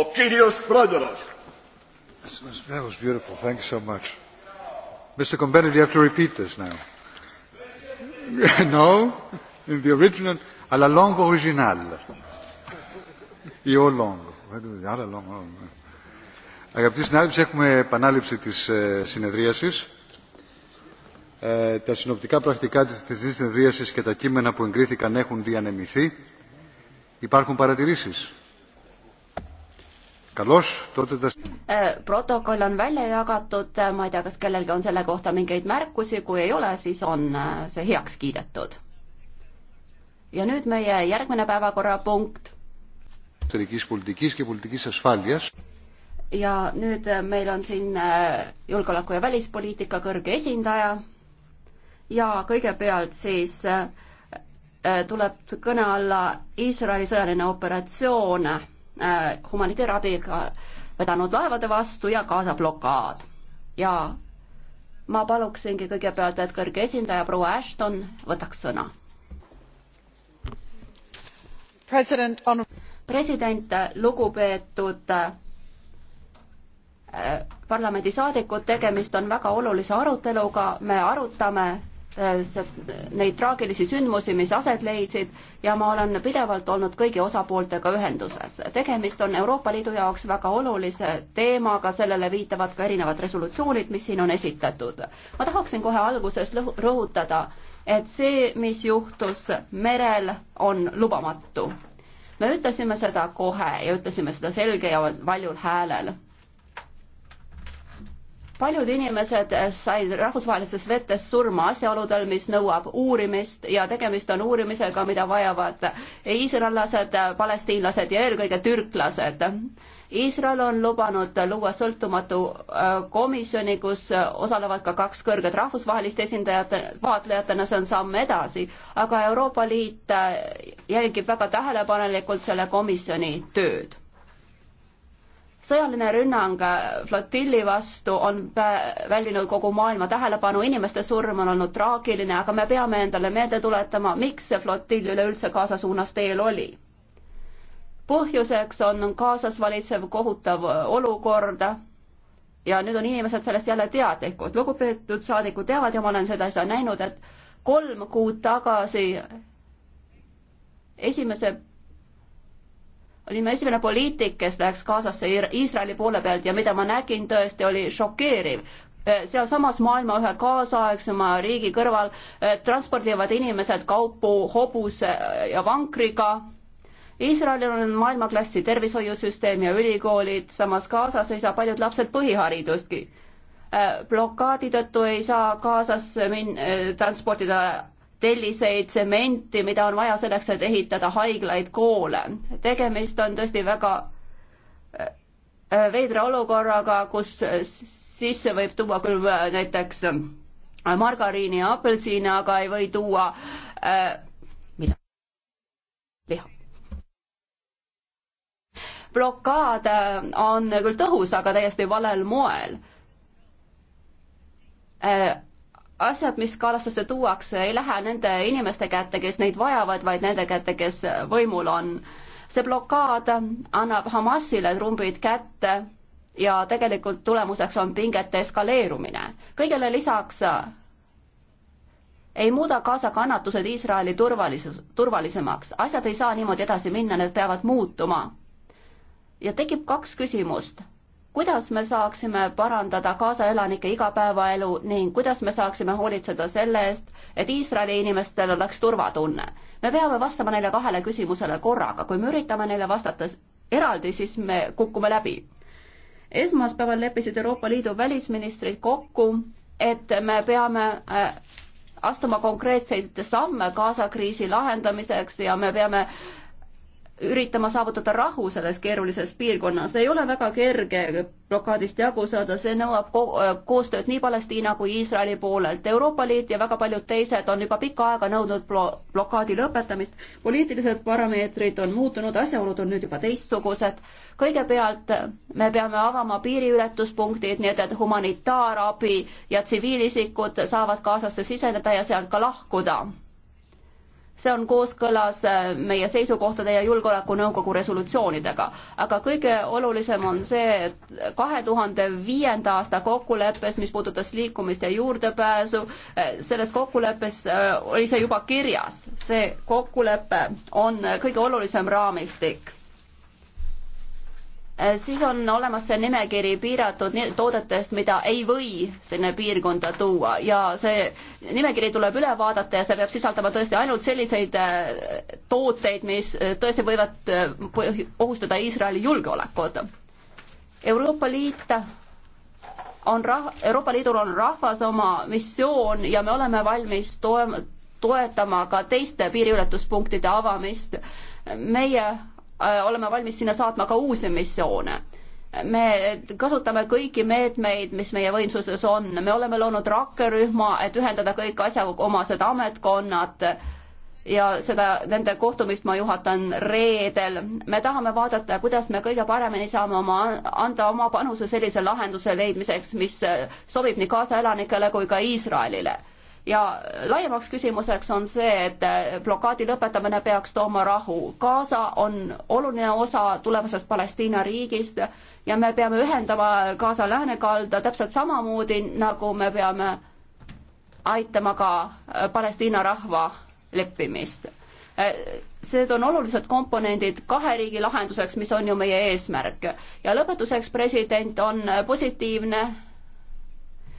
ο κύριος Πρόεδρος. That was beautiful. Thank you so much. Mr. Combenet, you have to repeat this now. no? In the original, alla longa originale. Io longo. Alla longa. Αγαπητοί συνάδελφοι, έχουμε επανάληψη της συνεδρίασης. Ε, τα συνοπτικά πρακτικά της θεσμής συνεδρίασης και τα κείμενα που εγκρίθηκαν έχουν διανεμηθεί. Υπάρχουν παρατηρήσεις. Äh, protokoll on välja jagatud, äh, ma ei tea, kas kellelgi on selle kohta mingeid märkusi, kui ei ole, siis on äh, see heaks kiidetud. ja nüüd meie järgmine päevakorrapunkt. ja nüüd meil on siin julgeoleku ja välispoliitika kõrge esindaja ja kõigepealt siis tuleb kõne alla Iisraeli sõjaline operatsioon Äh, humanitaarabiga vedanud laevade vastu ja Gaza blokaad. ja ma paluksingi kõigepealt, et kõrge esindaja proua Ashton võtaks sõna. president on president, lugupeetud äh, parlamendisaadikud, tegemist on väga olulise aruteluga, me arutame Äh, neid traagilisi sündmusi, mis aset leidsid ja ma olen pidevalt olnud kõigi osapooltega ühenduses. tegemist on Euroopa Liidu jaoks väga olulise teemaga, sellele viitavad ka erinevad resolutsioonid, mis siin on esitatud. ma tahaksin kohe alguses rõhutada, et see, mis juhtus merel, on lubamatu. me ütlesime seda kohe ja ütlesime seda selge ja valjul häälel paljud inimesed said rahvusvahelistes vetes surma asjaoludel, mis nõuab uurimist ja tegemist on uurimisega, mida vajavad iisraellased, palestiinlased ja eelkõige türklased. Iisrael on lubanud luua sõltumatu äh, komisjoni, kus osalevad ka kaks kõrget rahvusvahelist esindajat vaatlejatena, see on samm edasi, aga Euroopa Liit äh, jälgib väga tähelepanelikult selle komisjoni tööd sõjaline rünnang flotilli vastu on väldinud kogu maailma tähelepanu, inimeste surm on olnud traagiline, aga me peame endale meelde tuletama, miks see flotill üleüldse Gaza suunas teel oli. põhjuseks on Gazas valitsev kohutav olukord ja nüüd on inimesed sellest jälle teadlikud. lugupeetud saadikud teavad ja ma olen seda asja näinud, et kolm kuud tagasi esimese olime esimene poliitik, kes läks Gazasse Iisraeli poole pealt ja mida ma nägin tõesti, oli šokeeriv eh, sealsamas maailma ühe kaasaegsema riigi kõrval eh, transpordivad inimesed kaupu hobuse eh, ja vankriga. Iisraelil on maailmaklassi tervishoiusüsteem ja ülikoolid, samas Gazas ei saa paljud lapsed põhiharidustki blokaadi tõttu ei saa kaasas min-, transportida telliseid, tsementi, mida on vaja selleks, et ehitada haiglaid, koole. tegemist on tõesti väga äh, äh, veidra olukorraga, kus sisse võib tuua küll äh, näiteks margariini ja apelsine, aga ei või tuua äh, mida? liha. blokaad on küll tõhus, aga täiesti valel moel äh, asjad, mis Kalasasse tuuakse, ei lähe nende inimeste kätte, kes neid vajavad, vaid nende kätte, kes võimul on. see blokaad annab Hamasile trumbid kätte ja tegelikult tulemuseks on pingete eskaleerumine. kõigele lisaks ei muuda kaasa kannatused Iisraeli turvalisus, turvalisemaks. asjad ei saa niimoodi edasi minna, need peavad muutuma. ja tekib kaks küsimust kuidas me saaksime parandada kaasaelanike igapäevaelu ning kuidas me saaksime hoolitseda selle eest, et Iisraeli inimestel oleks turvatunne. me peame vastama neile kahele küsimusele korraga, kui me üritame neile vastata eraldi, siis me kukume läbi. esmaspäeval leppisid Euroopa Liidu välisministrid kokku, et me peame äh, astuma konkreetseid samme Gaza kriisi lahendamiseks ja me peame äh, üritama saavutada rahu selles keerulises piirkonnas. ei ole väga kerge blokaadist jagu saada, see nõuab ko äh, koostööd nii Palestiina kui Iisraeli poolelt. Euroopa Liit ja väga paljud teised on juba pikka aega nõudnud blo blokaadi lõpetamist. poliitilised parameetrid on muutunud, asjaolud on nüüd juba teistsugused. kõigepealt äh, me peame avama piiriületuspunktid, nii et, et humanitaarabi ja tsiviilisikud saavad Gazasse siseneda ja sealt ka lahkuda see on kooskõlas äh, meie seisukohtade ja Julgeolekunõukogu resolutsioonidega. aga kõige olulisem on see, et kahe tuhande viienda aasta kokkuleppes, mis puudutas liikumist ja juurdepääsu, äh, selles kokkuleppes äh, oli see juba kirjas. see kokkulepe on kõige olulisem raamistik Äh, siis on olemas see nimekiri piiratud toodetest, mida ei või sinna piirkonda tuua ja see nimekiri tuleb üle vaadata ja see peab sisaldama tõesti ainult selliseid äh, tooteid, mis äh, tõesti võivad ohustada Iisraeli julgeolekut. Euroopa Liit on rah-, Euroopa Liidul on rahvas oma missioon ja me oleme valmis toem-, toetama ka teiste piiriületuspunktide avamist. meie Äh, oleme valmis sinna saatma ka uusi missioone. me kasutame kõiki meetmeid, mis meie võimsuses on, me oleme loonud rakkerühma, et ühendada kõik asjaomased ametkonnad ja seda, nende kohtumist ma juhatan reedel. me tahame vaadata, kuidas me kõige paremini saame oma, anda oma panuse sellise lahenduse leidmiseks, mis sobib nii kaasaelanikele kui ka Iisraelile ja laiemaks küsimuseks on see, et eh, blokaadi lõpetamine peaks tooma rahu. Gaza on oluline osa tulevasest Palestiina riigist ja me peame ühendama Gaza läänekalda täpselt samamoodi, nagu me peame aitama ka eh, Palestiina rahva leppimist. Need eh, on olulised komponendid kahe riigi lahenduseks, mis on ju meie eesmärk. ja lõpetuseks, president, on positiivne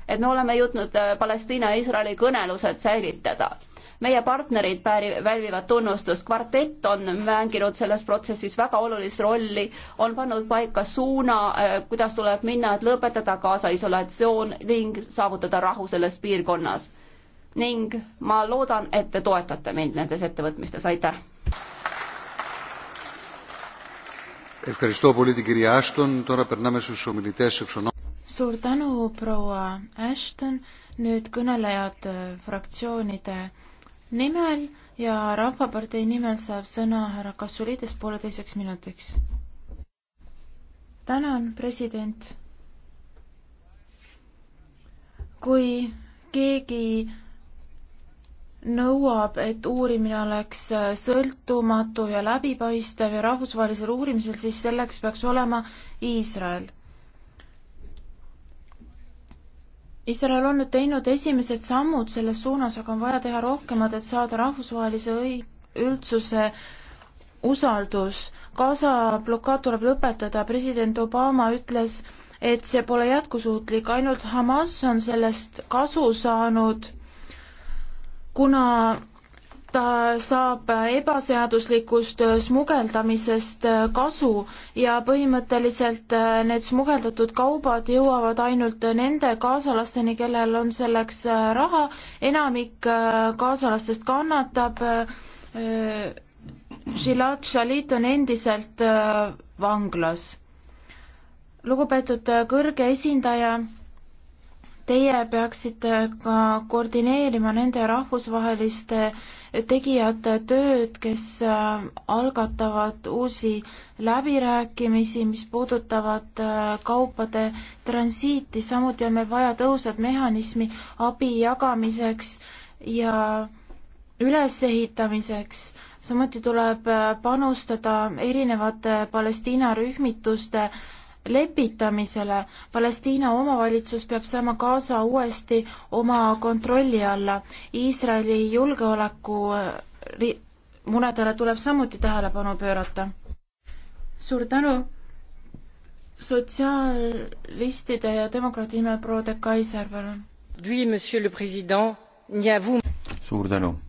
et me oleme jõudnud äh, Palestiina-Iisraeli kõnelused säilitada meie partnerid päri-, välvivad tunnustust, kvartett on mänginud selles protsessis väga olulist rolli, on pannud paika suuna, äh, kuidas tuleb minna, et lõpetada Gaza isolatsioon ning saavutada rahu selles piirkonnas. ning ma loodan, et te toetate mind nendes ettevõtmistes, aitäh! Ευχαριστώ πολύ την κυρία Άστον. Τώρα περνάμε στους ομιλητές εξ suur tänu, proua Ashton, nüüd kõnelejad äh, fraktsioonide nimel ja Rahvapartei nimel saab sõna härra Kasulides pooleteiseks minutiks. tänan, president. kui keegi nõuab, et uurimine oleks äh, sõltumatu ja läbipaistev ja rahvusvahelisel uurimisel, siis selleks peaks olema Iisrael Iisrael on nüüd teinud esimesed sammud selles suunas, aga on vaja teha rohkemat, et saada rahvusvahelise õi-, üldsuse usaldus. Gaza blokaad tuleb lõpetada, president Obama ütles, et see pole jätkusuutlik, ainult Hamas on sellest kasu saanud, kuna ta saab ebaseaduslikust smugeldamisest kasu ja põhimõtteliselt äh, need smugeldatud kaubad jõuavad ainult nende kaasalasteni, kellel on selleks äh, raha, enamik äh, kaasalastest kannatab. Shilad Shalit on endiselt vanglas. lugupeetud kõrge esindaja teie peaksite ka koordineerima nende rahvusvaheliste tegijate tööd, kes äh, algatavad uusi läbirääkimisi, mis puudutavad äh, kaupade transiiti, samuti on meil vaja tõhusat mehhanismi abi jagamiseks ja ülesehitamiseks, samuti tuleb äh, panustada erinevate Palestiina rühmituste lepitamisele. Palestiina omavalitsus peab saama Gaza uuesti oma kontrolli alla. Iisraeli julgeoleku äh, muredele tuleb samuti tähelepanu pöörata. suur tänu! sotsialistide ja demokraatide nimel proua de Kaiser, palun. suur tänu!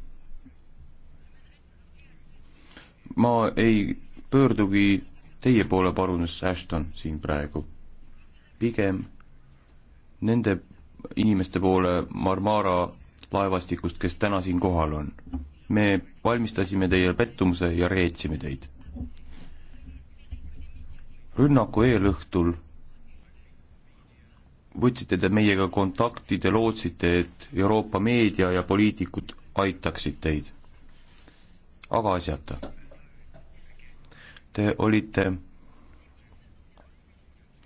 ma ei pöördugi teie poole parunes Ashton siin praegu. pigem nende inimeste poole Marmara laevastikust, kes täna siin kohal on. me valmistasime teile pettumuse ja reetsime teid. rünnaku eelõhtul võtsite te meiega kontakti, te lootsite, et Euroopa meedia ja poliitikud aitaksid teid. aga asjata te olite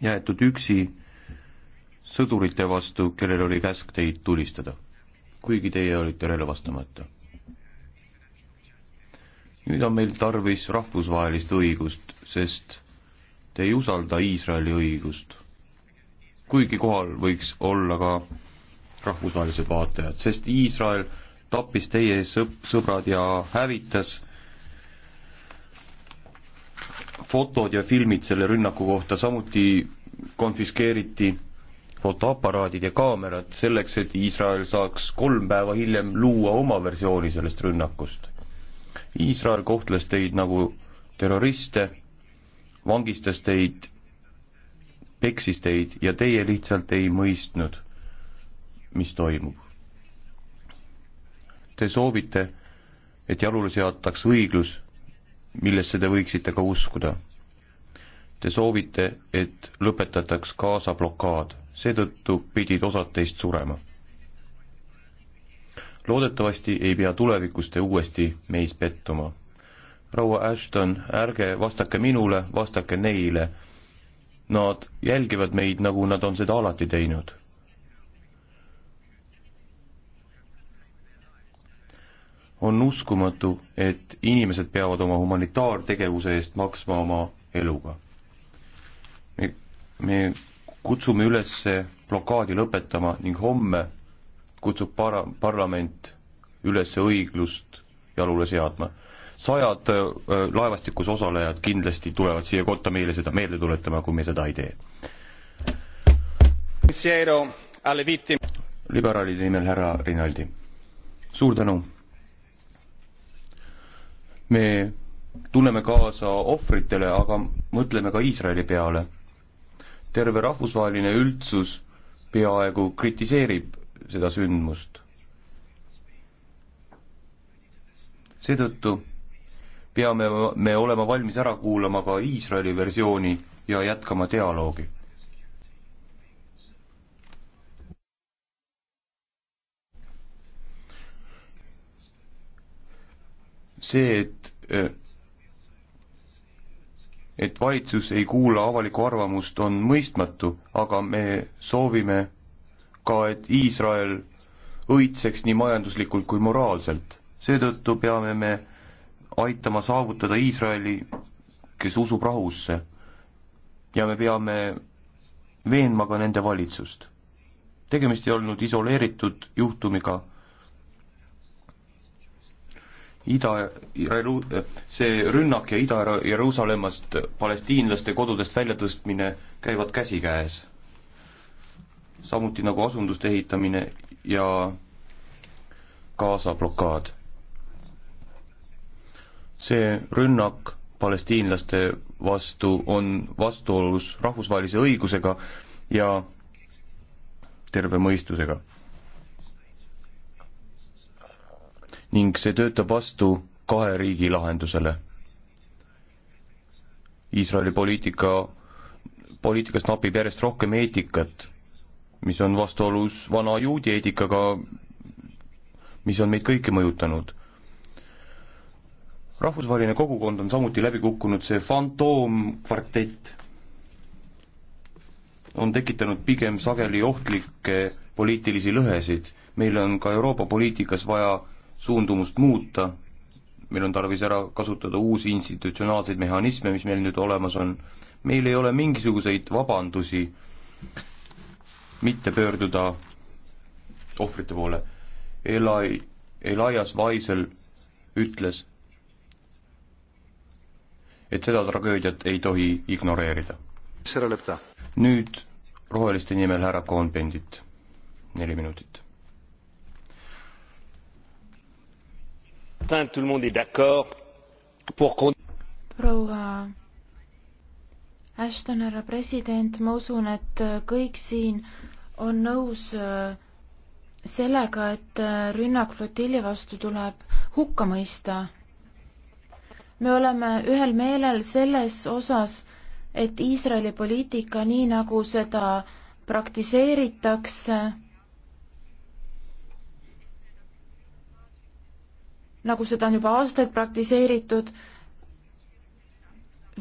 jäetud üksi sõdurite vastu, kellel oli käsk teid tulistada, kuigi teie olite relvastamata. nüüd on meil tarvis rahvusvahelist õigust, sest te ei usalda Iisraeli õigust, kuigi kohal võiks olla ka rahvusvahelised vaatajad, sest Iisrael tappis teie sõp-, sõbrad ja hävitas fotod ja filmid selle rünnaku kohta, samuti konfiskeeriti fotoaparaadid ja kaamerad selleks, et Iisrael saaks kolm päeva hiljem luua oma versiooni sellest rünnakust. Iisrael kohtles teid nagu terroriste, vangistas teid, peksis teid ja teie lihtsalt ei mõistnud, mis toimub. Te soovite, et jalule seataks õiglus millesse te võiksite ka uskuda. Te soovite, et lõpetataks Gaza blokaad, seetõttu pidid osad teist surema. loodetavasti ei pea tulevikus te uuesti meis pettuma. proua Ashton, ärge vastake minule, vastake neile. Nad jälgivad meid, nagu nad on seda alati teinud on uskumatu, et inimesed peavad oma humanitaartegevuse eest maksma oma eluga. me, me kutsume üles blokaadi lõpetama ning homme kutsub para-, parlament üles õiglust jalule seadma. sajad äh, laevastikus osalejad kindlasti tulevad siia kotta meile seda meelde tuletama, kui me seda ei tee. liberaalide nimel härra Rinaldi. suur tänu me tunneme kaasa ohvritele, aga mõtleme ka Iisraeli peale. terve rahvusvaheline üldsus peaaegu kritiseerib seda sündmust. seetõttu peame me olema valmis ära kuulama ka Iisraeli versiooni ja jätkama dialoogi. see, et äh, et valitsus ei kuula avalikku arvamust, on mõistmatu, aga me soovime ka, et Iisrael õitseks nii majanduslikult kui moraalselt. seetõttu peame me aitama saavutada Iisraeli, kes usub rahusse. ja me peame veenma ka nende valitsust. tegemist ei olnud isoleeritud juhtumiga Ida, see rünnak ja Ida-Jeruusalemmast palestiinlaste kodudest väljatõstmine käivad käsikäes. samuti nagu asunduste ehitamine ja Gaza blokaad. see rünnak palestiinlaste vastu on vastuolus rahvusvahelise õigusega ja terve mõistusega ning see töötab vastu kahe riigi lahendusele. Iisraeli poliitika, poliitikast napib järjest rohkem eetikat, mis on vastuolus vana juudi eetikaga, mis on meid kõiki mõjutanud rahvusvaheline kogukond on samuti läbi kukkunud, see fantoomkvartett on tekitanud pigem sageli ohtlikke poliitilisi lõhesid. meil on ka Euroopa poliitikas vaja suundumust muuta, meil on tarvis ära kasutada uusi institutsionaalseid mehhanisme, mis meil nüüd olemas on, meil ei ole mingisuguseid vabandusi mitte pöörduda ohvrite poole. Eli-, Elias Vaisel ütles, et seda tragöödiat ei tohi ignoreerida. nüüd roheliste nimel härra Kohn-Pendit, neli minutit proua Ashton, härra president, ma usun, et kõik siin on nõus äh, sellega, et äh, rünnak flotilli vastu tuleb hukka mõista. me oleme ühel meelel selles osas, et Iisraeli poliitika, nii nagu seda praktiseeritakse, nagu seda on juba aastaid praktiseeritud,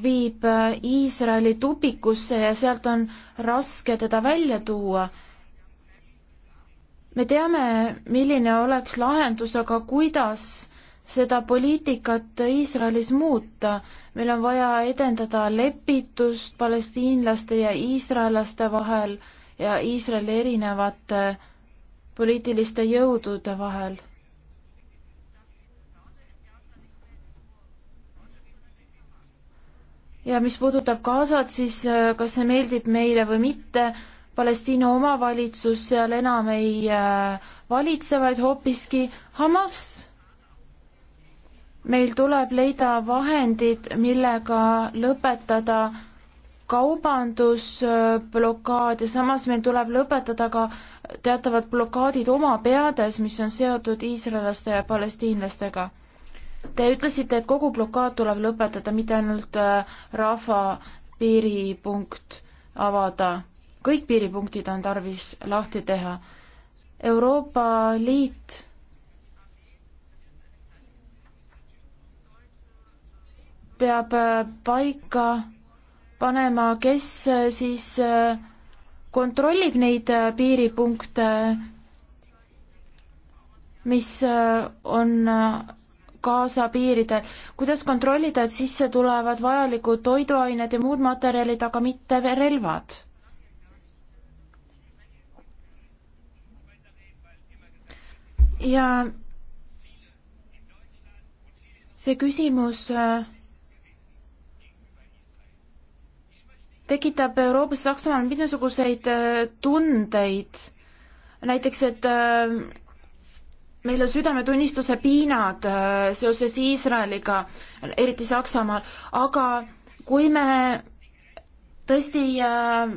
viib äh, Iisraeli tupikusse ja sealt on raske teda välja tuua. me teame, milline oleks lahendus, aga kuidas seda poliitikat Iisraelis muuta. meil on vaja edendada lepitust palestiinlaste ja iisraellaste vahel ja Iisraeli erinevate poliitiliste jõudude vahel ja mis puudutab Gazat, siis äh, kas see meeldib meile või mitte, Palestiina omavalitsus seal enam ei äh, valitse, vaid hoopiski Hamas. meil tuleb leida vahendid, millega lõpetada kaubandusblokaad ja samas meil tuleb lõpetada ka teatavad blokaadid oma peades, mis on seotud iisraellaste ja palestiinlastega Te ütlesite, et kogu blokaad tuleb lõpetada, mitte ainult äh, rahva piiripunkt avada. kõik piiripunktid on tarvis lahti teha. Euroopa Liit peab äh, paika panema, kes äh, siis kontrollib neid piiripunkte, mis on Gaza piiridel. kuidas kontrollida, et sisse tulevad vajalikud toiduained ja muud materjalid, aga mitte relvad? ja see küsimus äh, tekitab Euroopas, Saksamaal mitmesuguseid äh, tundeid, näiteks et äh, meil on südametunnistuse piinad äh, seoses Iisraeliga, eriti Saksamaal, aga kui me tõesti äh,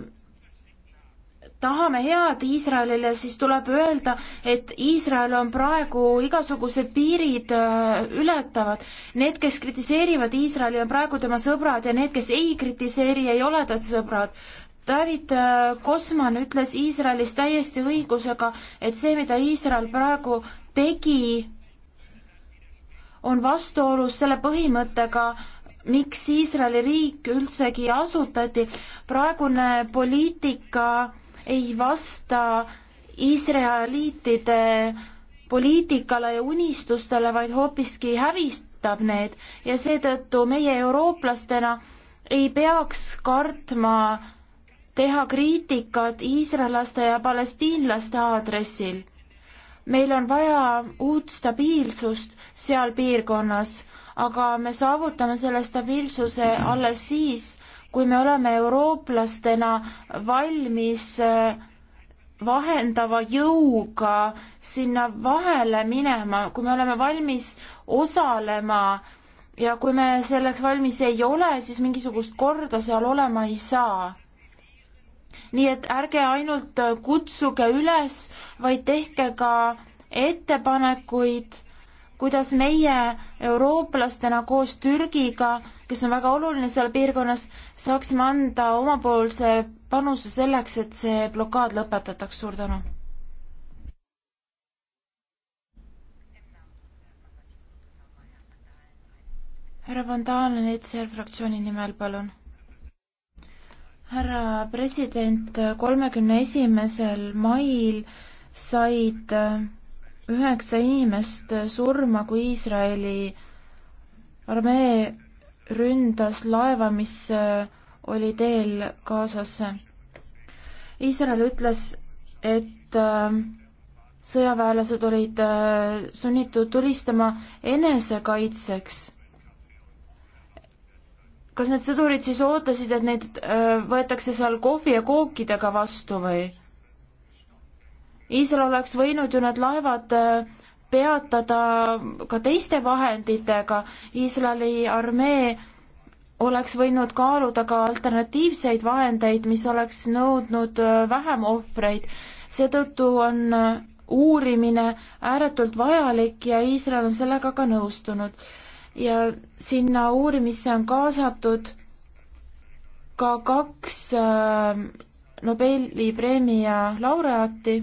tahame head Iisraelile, siis tuleb öelda, et Iisrael on praegu igasugused piirid äh, ületavad. Need, kes kritiseerivad Iisraeli, on praegu tema sõbrad ja need, kes ei kritiseeri, ei ole ta sõbrad. David äh, Kosman ütles Iisraelis täiesti õigusega, et see, mida Iisrael praegu tegi, on vastuolus selle põhimõttega, miks Iisraeli riik üldsegi asutati. praegune poliitika ei vasta Iisraeliitide poliitikale ja unistustele, vaid hoopiski hävistab need ja seetõttu meie eurooplastena ei peaks kartma teha kriitikat iisraellaste ja palestiinlaste aadressil meil on vaja uut stabiilsust seal piirkonnas, aga me saavutame selle stabiilsuse alles siis, kui me oleme eurooplastena valmis äh, vahendava jõuga sinna vahele minema, kui me oleme valmis osalema ja kui me selleks valmis ei ole, siis mingisugust korda seal olema ei saa nii et ärge ainult kutsuge üles, vaid tehke ka ettepanekuid, kuidas meie eurooplastena koos Türgiga, kes on väga oluline seal piirkonnas, saaksime anda omapoolse panuse selleks, et see blokaad lõpetataks. suur tänu! härra Vandalen, ETSR fraktsiooni nimel, palun härra president, kolmekümne esimesel mail said äh, üheksa inimest äh, surma, kui Iisraeli armee ründas laeva, mis äh, oli teel Gazasse. Iisrael ütles, et sõjaväelased olid sunnitud tulistama enesekaitseks kas need sõdurid siis ootasid, et neid öö, äh, võetakse seal kohvi ja kookidega vastu või? Iisrael oleks võinud ju need laevad öö, äh, peatada ka teiste vahenditega, Iisraeli armee oleks võinud kaaluda ka alternatiivseid vahendeid, mis oleks nõudnud äh, vähem ohvreid. seetõttu on uurimine ääretult vajalik ja Iisrael on sellega ka nõustunud ja sinna uurimisse on kaasatud ka kaks äh, Nobeli preemia laureaati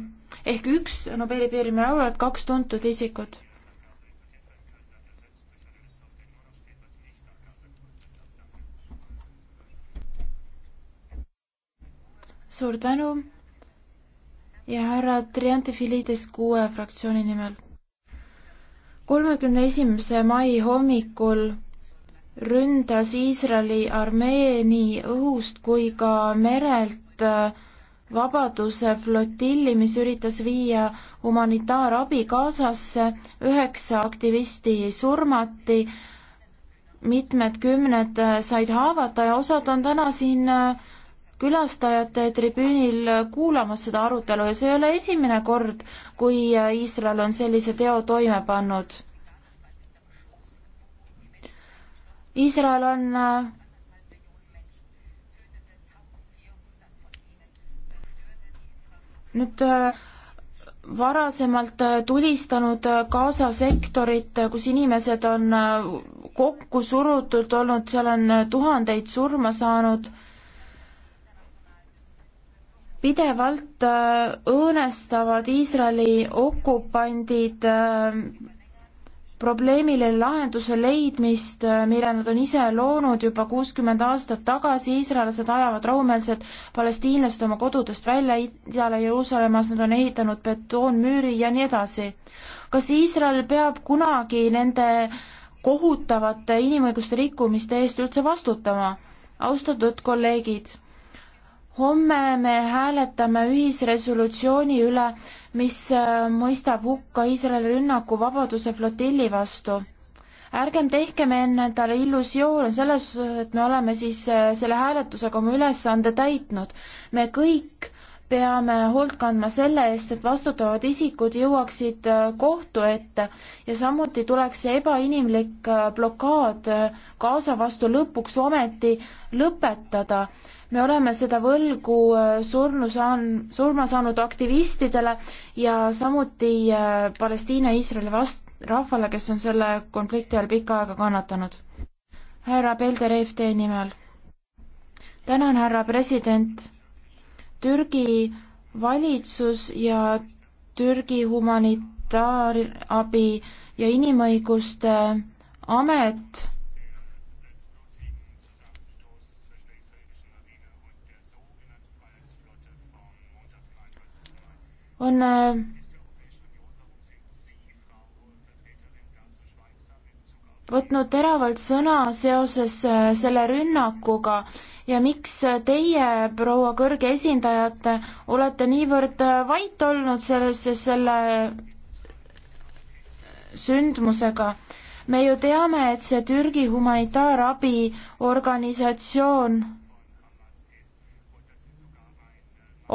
ehk üks Nobeli preemia laureaat, kaks tuntud isikut. suur tänu ja härra Triantafilides kuue fraktsiooni nimel kolmekümne esimese mai hommikul ründas Iisraeli armee nii õhust kui ka merelt äh, Vabaduse flotilli, mis üritas viia humanitaarabi Gazasse, üheksa aktivisti surmati, mitmed kümned äh, said haavata ja osad on täna siin äh, külastajate tribüünil kuulamas seda arutelu ja see ei ole esimene kord, kui Iisrael on sellise teo toime pannud. Iisrael on äh, nüüd äh, varasemalt äh, tulistanud Gaza sektorit, kus inimesed on kokku surutud olnud, seal on tuhandeid surma saanud pidevalt äh, õõnestavad Iisraeli okupandid äh, probleemile lahenduse leidmist, äh, mille nad on ise loonud juba kuuskümmend aastat tagasi, iisraellased ajavad rahumeelselt palestiinlased oma kodudest välja, idale Jeruusalemmas nad on ehitanud betoonmüüri ja nii edasi. kas Iisrael peab kunagi nende kohutavate inimõiguste rikkumiste eest üldse vastutama? austatud kolleegid homme me hääletame ühisresolutsiooni üle, mis äh, mõistab hukka Iisraeli rünnaku Vabaduse flotilli vastu. ärgem tehkem endale illusioone selles osas, et me oleme siis äh, selle hääletusega oma ülesande täitnud. me kõik peame hoolt kandma selle eest, et vastutavad isikud jõuaksid äh, kohtu ette ja samuti tuleks see ebainimlik blokaad Gaza vastu lõpuks ometi lõpetada me oleme seda võlgu äh, surnu saan-, surma saanud aktivistidele ja samuti äh, Palestiina ja Iisraeli vast-, rahvale, kes on selle konflikti all pikka aega kannatanud. härra Pelder EFT nimel. tänan, härra president. Türgi valitsus ja Türgi humanitaarabi ja inimõiguste amet on äh, võtnud teravalt sõna seoses äh, selle rünnakuga ja miks teie, proua kõrge esindaja, olete niivõrd äh, vait olnud selles, selle sündmusega? me ju teame, et see Türgi humanitaarabiorganisatsioon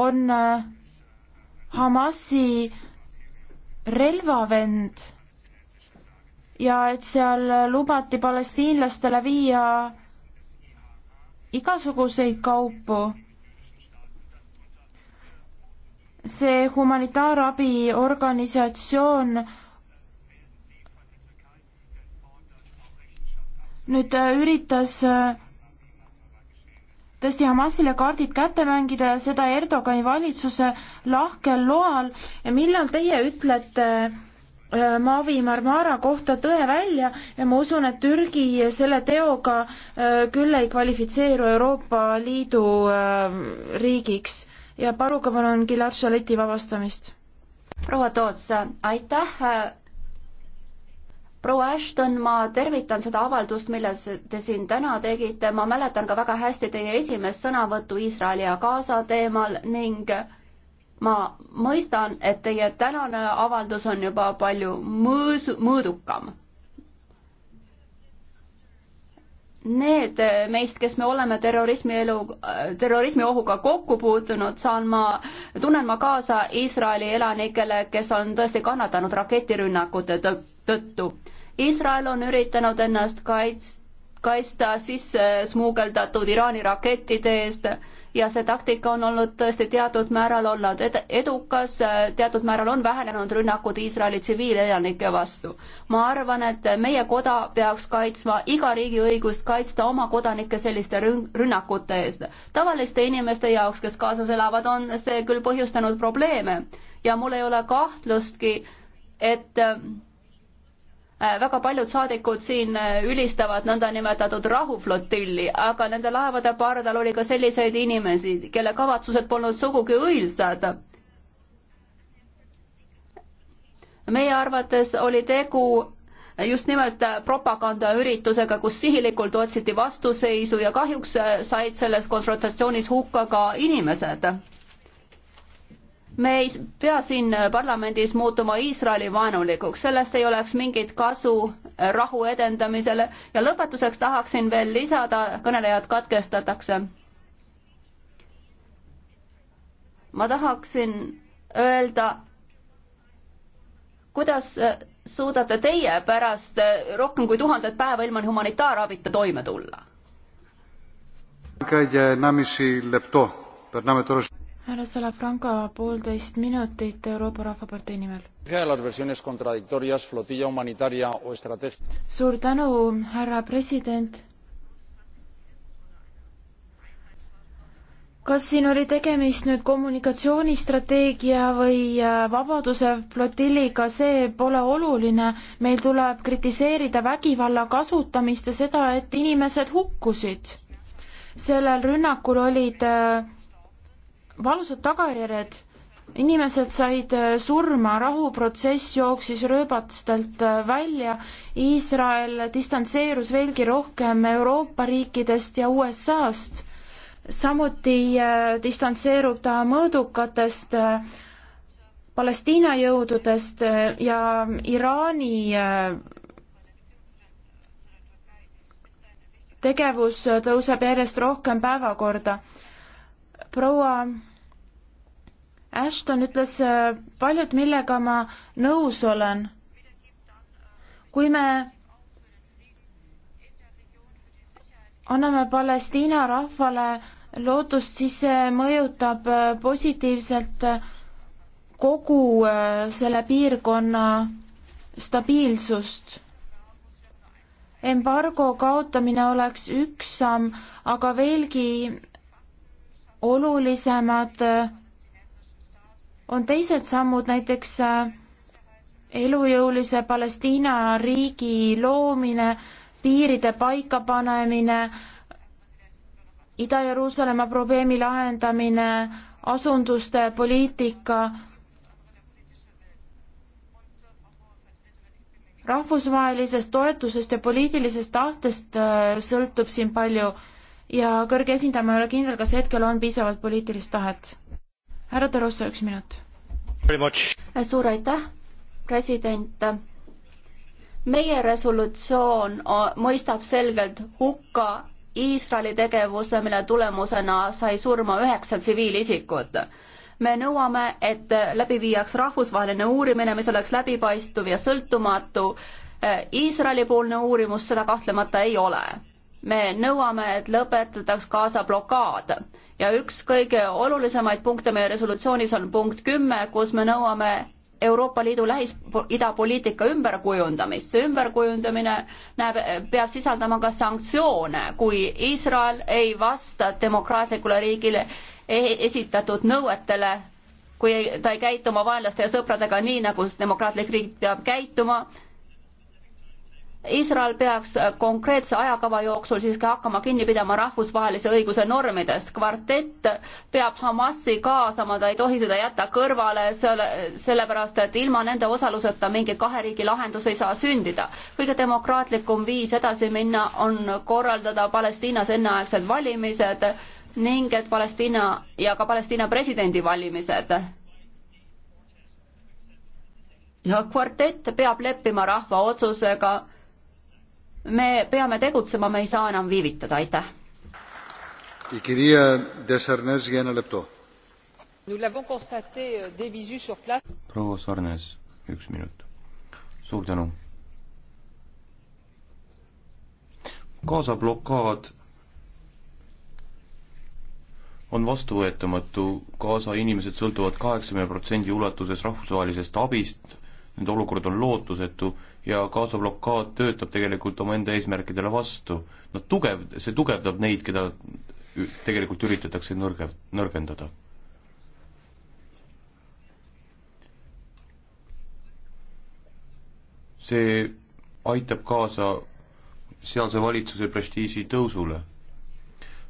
on Hamasi relvavend ja et seal lubati palestiinlastele viia igasuguseid kaupu. see humanitaarabiorganisatsioon nüüd üritas äh, tõesti Hamasile kaardid kätte mängida ja seda Erdogani valitsuse lahkel loal ja millal teie ütlete äh, Mavi Marmara kohta tõe välja ja ma usun, et Türgi selle teoga äh, küll ei kvalifitseeru Euroopa Liidu äh, riigiks ja paluge palun Gilad Šaliti vabastamist. proua Toots, aitäh proua Ashton, ma tervitan seda avaldust, mille te siin täna tegite, ma mäletan ka väga hästi teie esimest sõnavõttu Iisraeli ja Gaza teemal ning ma mõistan, et teie tänane avaldus on juba palju mõõsu, mõõdukam. Need meist, kes me oleme terrorismi elu, terrorismi ohuga kokku puutunud, saan ma, tunnen ma kaasa Iisraeli elanikele, kes on tõesti kannatanud raketirünnakute tõttu tõttu. Iisrael on üritanud ennast kaits-, kaitsta sisse smuugeldatud Iraani rakettide eest ja see taktika on olnud tõesti teatud määral olnud ed edukas, teatud määral on vähenenud rünnakud Iisraeli tsiviilelanike vastu. ma arvan, et meie koda peaks kaitsma iga riigi õigust kaitsta oma kodanikke selliste rün rünnakute eest. tavaliste inimeste jaoks, kes kaasas elavad, on see küll põhjustanud probleeme ja mul ei ole kahtlustki, et Äh, väga paljud saadikud siin äh, ülistavad nõndanimetatud rahuflotilli, aga nende laevade pardal oli ka selliseid inimesi, kelle kavatsused polnud sugugi õilsad. meie arvates oli tegu just nimelt äh, propagandaüritusega, kus sihilikult otsiti vastuseisu ja kahjuks said selles konfrontatsioonis hukka ka inimesed me ei pea siin parlamendis muutuma Iisraeli vaenulikuks, sellest ei oleks mingit kasu äh, rahu edendamisele ja lõpetuseks tahaksin veel lisada, kõnelejad katkestatakse. ma tahaksin öelda, kuidas äh, suudate teie pärast äh, rohkem kui tuhandet päeva ilma humanitaarabita toime tulla? härra Salafranca, poolteist minutit Euroopa Rahvapartei nimel. suur tänu, härra president. kas siin oli tegemist nüüd kommunikatsioonistrateegia või äh, vabaduse flotilliga, see pole oluline. meil tuleb kritiseerida vägivalla kasutamist ja seda, et inimesed hukkusid. sellel rünnakul olid äh, valusad tagajärjed, inimesed said äh, surma, rahuprotsess jooksis rööbastelt äh, välja, Iisrael distantseerus veelgi rohkem Euroopa riikidest ja USA-st, samuti äh, distantseerub ta mõõdukatest Palestiina jõududest ja Iraani tegevus tõuseb järjest rohkem päevakorda proua Ashton ütles äh, paljud, millega ma nõus olen. kui me anname Palestiina rahvale lootust, siis see mõjutab äh, positiivselt äh, kogu selle piirkonna stabiilsust. embargo kaotamine oleks üks samm, aga veelgi olulisemad on teised sammud, näiteks äh, elujõulise Palestiina riigi loomine, piiride paikapanemine, Ida-Jeruusalemma probleemi lahendamine, asunduste poliitika, rahvusvahelisest toetusest ja poliitilisest tahtest äh, sõltub siin palju ja kõrge esindaja, ma ei ole kindel, kas hetkel on piisavalt poliitilist tahet. härra Tarossa, üks minut. suur aitäh, president. meie resolutsioon mõistab selgelt hukka Iisraeli tegevuse, mille tulemusena sai surma üheksa tsiviilisikut me nõuame, et läbi viiaks rahvusvaheline uurimine, mis oleks läbipaistuv ja sõltumatu. Iisraeli poolne uurimus seda kahtlemata ei ole me nõuame, et lõpetataks Gaza blokaad ja üks kõige olulisemaid punkte meie resolutsioonis on punkt kümme, kus me nõuame Euroopa Liidu Lähis-Ida poliitika ümberkujundamist. see ümberkujundamine näeb, peab sisaldama ka sanktsioone, kui Iisrael ei vasta demokraatlikule riigile e-, esitatud nõuetele, kui ta ei käitu oma vaenlaste ja sõpradega nii, nagu demokraatlik riik peab käituma Iisrael peaks konkreetse ajakava jooksul siiski hakkama kinni pidama rahvusvahelise õiguse normidest. kvartett peab Hamasi kaasama, ta ei tohi seda jätta kõrvale, selle, sellepärast et ilma nende osaluseta mingit kahe riigi lahendus ei saa sündida. kõige demokraatlikum viis edasi minna on korraldada Palestiinas enneaegsed valimised ning et Palestiina ja ka Palestiina presidendi valimised ja kvartett peab leppima rahva otsusega me peame tegutsema, me ei saa enam viivitada, aitäh. Euh, proua Sarnes, üks minut. suur tänu. Gaza blokaad on vastuvõetamatu, Gaza inimesed sõltuvad kaheksakümne protsendi ulatuses rahvusvahelisest abist, nende olukord on lootusetu ja Gaza blokaad töötab tegelikult omaenda eesmärkidele vastu. Nad tugev, see tugevdab neid, keda tegelikult üritatakse nõrge, nõrgendada. see aitab kaasa sealse valitsuse prestiiži tõusule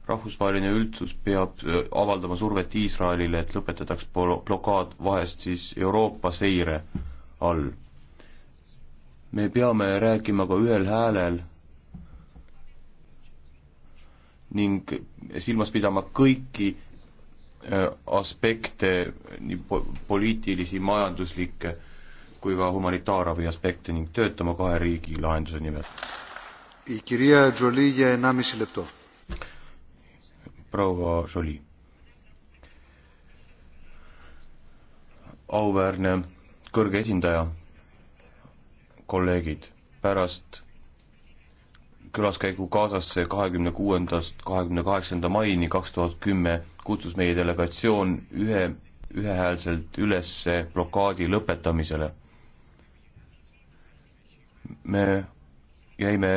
rahvusvaheline üldsus peab avaldama survet Iisraelile, et lõpetataks blokaad vahest siis Euroopa seire all me peame rääkima ka ühel häälel ning silmas pidama kõiki äh, aspekte, nii poliitilisi, majanduslikke kui ka humanitaarabi aspekte ning töötama kahe riigi lahenduse nimel. proua Jolie. auväärne kõrge esindaja kolleegid, pärast külaskäigu Gazasse kahekümne kuuendast kahekümne kaheksanda maini kaks tuhat kümme kutsus meie delegatsioon ühe, ühehäälselt üles blokaadi lõpetamisele. me jäime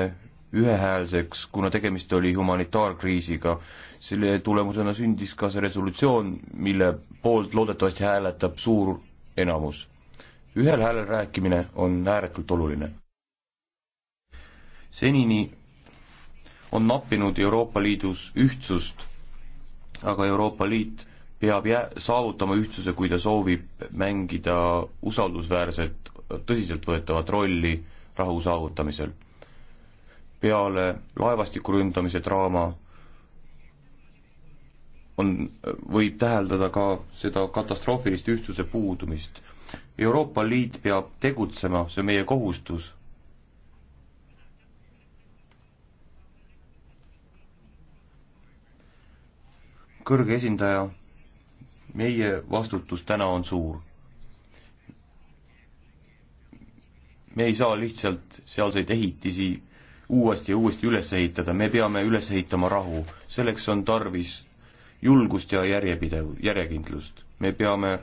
ühehäälseks, kuna tegemist oli humanitaarkriisiga. selle tulemusena sündis ka see resolutsioon, mille poolt loodetavasti hääletab suur enamus ühel häälel rääkimine on ääretult oluline. senini on nappinud Euroopa Liidus ühtsust, aga Euroopa Liit peab jää-, saavutama ühtsuse, kui ta soovib mängida usaldusväärset, tõsiseltvõetavat rolli rahu saavutamisel. peale laevastiku ründamise draama on, võib täheldada ka seda katastroofilist ühtsuse puudumist Euroopa Liit peab tegutsema, see on meie kohustus. kõrge esindaja, meie vastutus täna on suur. me ei saa lihtsalt sealseid ehitisi uuesti ja uuesti üles ehitada, me peame üles ehitama rahu, selleks on tarvis julgust ja järjepidev, järjekindlust. me peame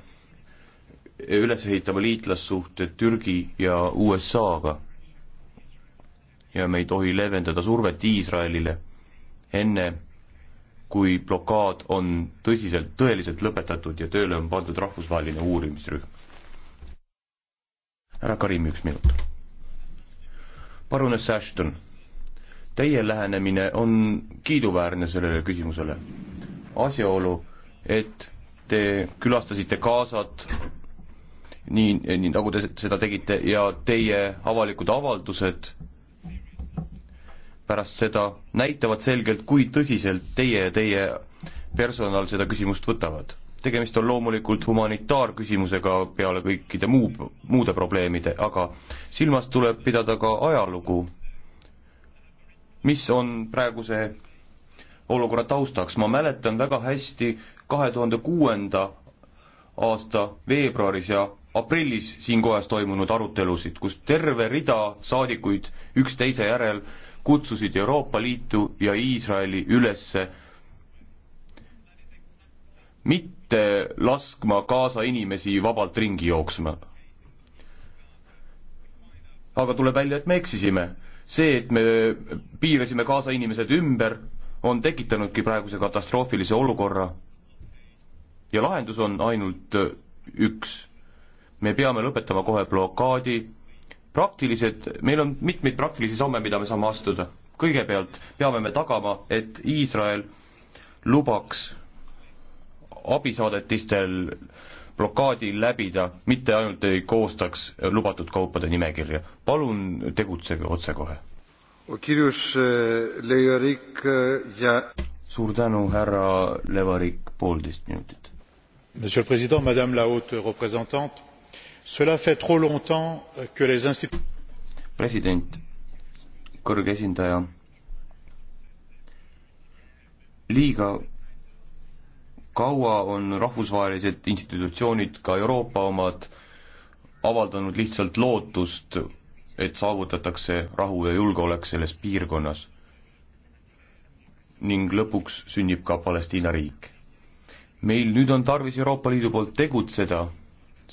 üles ehitama liitlassuhted Türgi ja USA-ga. ja me ei tohi leevendada survet Iisraelile enne, kui blokaad on tõsiselt, tõeliselt lõpetatud ja tööle on pandud rahvusvaheline uurimisrühm. härra Karim, üks minut. parunes Ashton, teie lähenemine on kiiduväärne sellele küsimusele. asjaolu, et te külastasite Gazat nii, nii nagu te seda tegite ja teie avalikud avaldused pärast seda näitavad selgelt, kui tõsiselt teie ja teie personal seda küsimust võtavad. tegemist on loomulikult humanitaarküsimusega peale kõikide muu, muude probleemide, aga silmas tuleb pidada ka ajalugu, mis on praeguse olukorra taustaks, ma mäletan väga hästi kahe tuhande kuuenda aasta veebruaris ja aprillis siinkohas toimunud arutelusid, kus terve rida saadikuid üksteise järel kutsusid Euroopa Liitu ja Iisraeli üles mitte laskma kaasa inimesi vabalt ringi jooksma. aga tuleb välja, et me eksisime. see, et me piirasime kaasa inimesed ümber, on tekitanudki praeguse katastroofilise olukorra ja lahendus on ainult üks me peame lõpetama kohe blokaadi, praktilised, meil on mitmeid praktilisi samme, mida me saame astuda. kõigepealt peame me tagama, et Iisrael lubaks abisaadetistel blokaadi läbida, mitte ainult ei koostaks lubatud kaupade nimekirja. palun tegutsege otsekohe. kirjus e, Leiarik e, ja suur tänu, härra Levarik, poolteist minutit. Monsieur le Président, Madame la Haute Représentante, cela fait trop longtemps euh, que les institu- president, kõrge esindaja, liiga kaua on rahvusvahelised institutsioonid, ka Euroopa omad, avaldanud lihtsalt lootust, et saavutatakse rahu ja julgeolek selles piirkonnas ning lõpuks sünnib ka Palestiina riik. meil nüüd on tarvis Euroopa Liidu poolt tegutseda,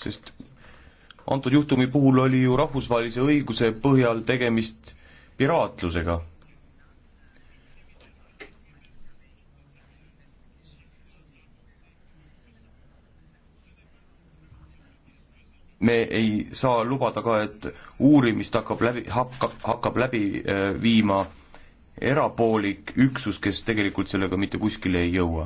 sest antud juhtumi puhul oli ju rahvusvahelise õiguse põhjal tegemist piraatlusega. me ei saa lubada ka, et uurimist hakkab läbi, hakkab, hakkab läbi äh, viima erapoolik üksus, kes tegelikult sellega mitte kuskile ei jõua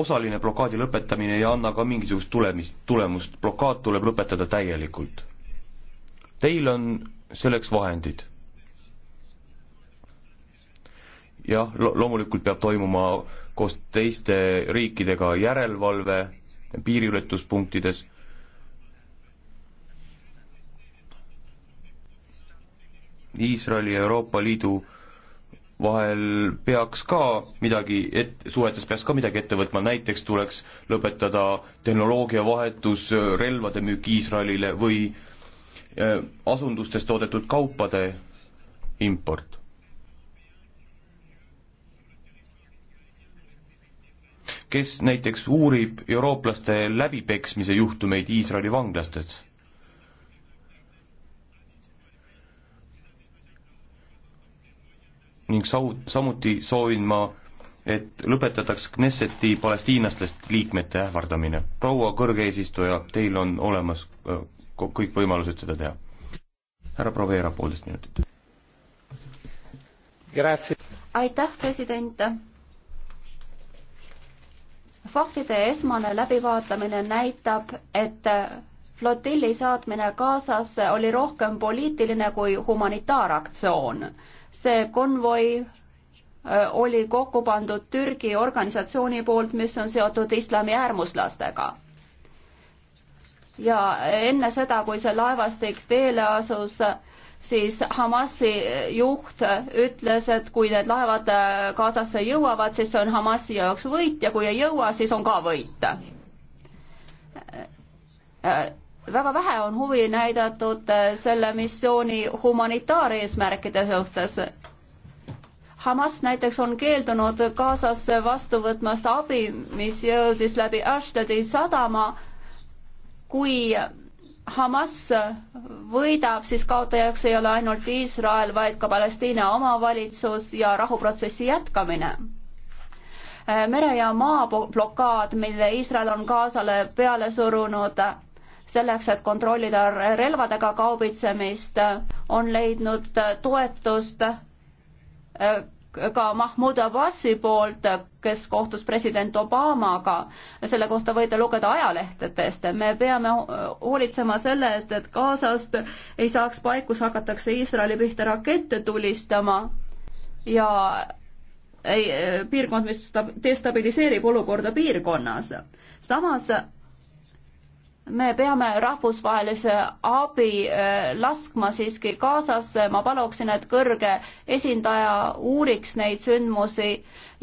osaline blokaadi lõpetamine ei anna ka mingisugust tulemist, tulemust, blokaad tuleb lõpetada täielikult. Teil on selleks vahendid. jah, lo-, loomulikult peab toimuma koos teiste riikidega järelevalve piiriületuspunktides Iisraeli ja Euroopa Liidu vahel peaks ka midagi et-, suhetes peaks ka midagi ette võtma, näiteks tuleks lõpetada tehnoloogiavahetus, äh, relvade müük Iisraelile või äh, asundustes toodetud kaupade import. kes näiteks uurib eurooplaste läbipeksmise juhtumeid Iisraeli vanglates ning sau-, samuti soovin ma, et lõpetataks Knesseti palestiinlastest liikmete ähvardamine. proua kõrge eesistuja, teil on olemas äh, kõik võimalused seda teha. härra Provera, poolteist minutit. aitäh, president faktide esmane läbivaatamine näitab, et flotilli saatmine Gazasse oli rohkem poliitiline kui humanitaaraktsioon see konvoi oli kokku pandud Türgi organisatsiooni poolt, mis on seotud islami äärmuslastega. ja enne seda, kui see laevastik teele asus, siis Hamasi juht ütles, et kui need laevad Gazasse jõuavad, siis see on Hamasi jaoks võit ja kui ei jõua, siis on ka võit väga vähe on huvi näidatud äh, selle missiooni humanitaareesmärkide suhtes. Hamas näiteks on keeldunud Gazasse vastu võtmast abi, mis jõudis läbi Ashdodi sadama. kui Hamas võidab, siis kaotajaks ei ole ainult Iisrael, vaid ka Palestiina omavalitsus ja rahuprotsessi jätkamine äh, mere- ja maablokaad, mille Iisrael on Gazale peale surunud, selleks, et kontrollida relvadega kaubitsemist, on leidnud toetust äh, ka Mahmoud Abbasi poolt, kes kohtus president Obamaga. selle kohta võite lugeda ajalehtedest. me peame hoolitsema selle eest, et Gazast ei saaks paik, kus hakatakse Iisraeli pihta rakette tulistama ja ei, piirkond, mis destabiliseerib olukorda piirkonnas. samas me peame rahvusvahelise abi äh, laskma siiski Gazasse, ma paluksin, et kõrge esindaja uuriks neid sündmusi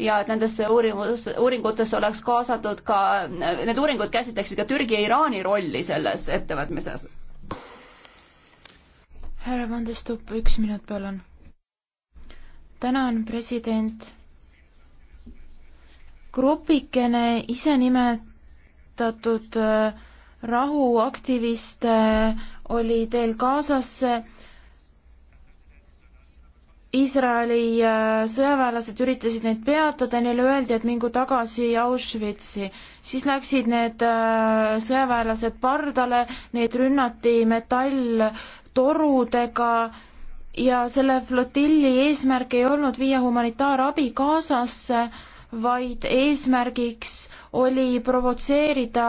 ja et nendesse uurimus, uuringutesse oleks kaasatud ka, need uuringud käsitleksid ka Türgi ja Iraani rolli selles ettevõtmises. härra Vandestup, üks minut, palun. tänan, president. grupikene ise nimetatud äh, rahuaktiviste äh, oli teil kaasasse. Äh, Iisraeli äh, sõjaväelased üritasid neid peatada, neile öeldi, et mingu tagasi Auschwitzi. siis läksid need sõjaväelased pardale, neid rünnati metalltorudega ja selle flotilli eesmärk ei olnud viia humanitaarabi Gazasse, vaid eesmärgiks oli provotseerida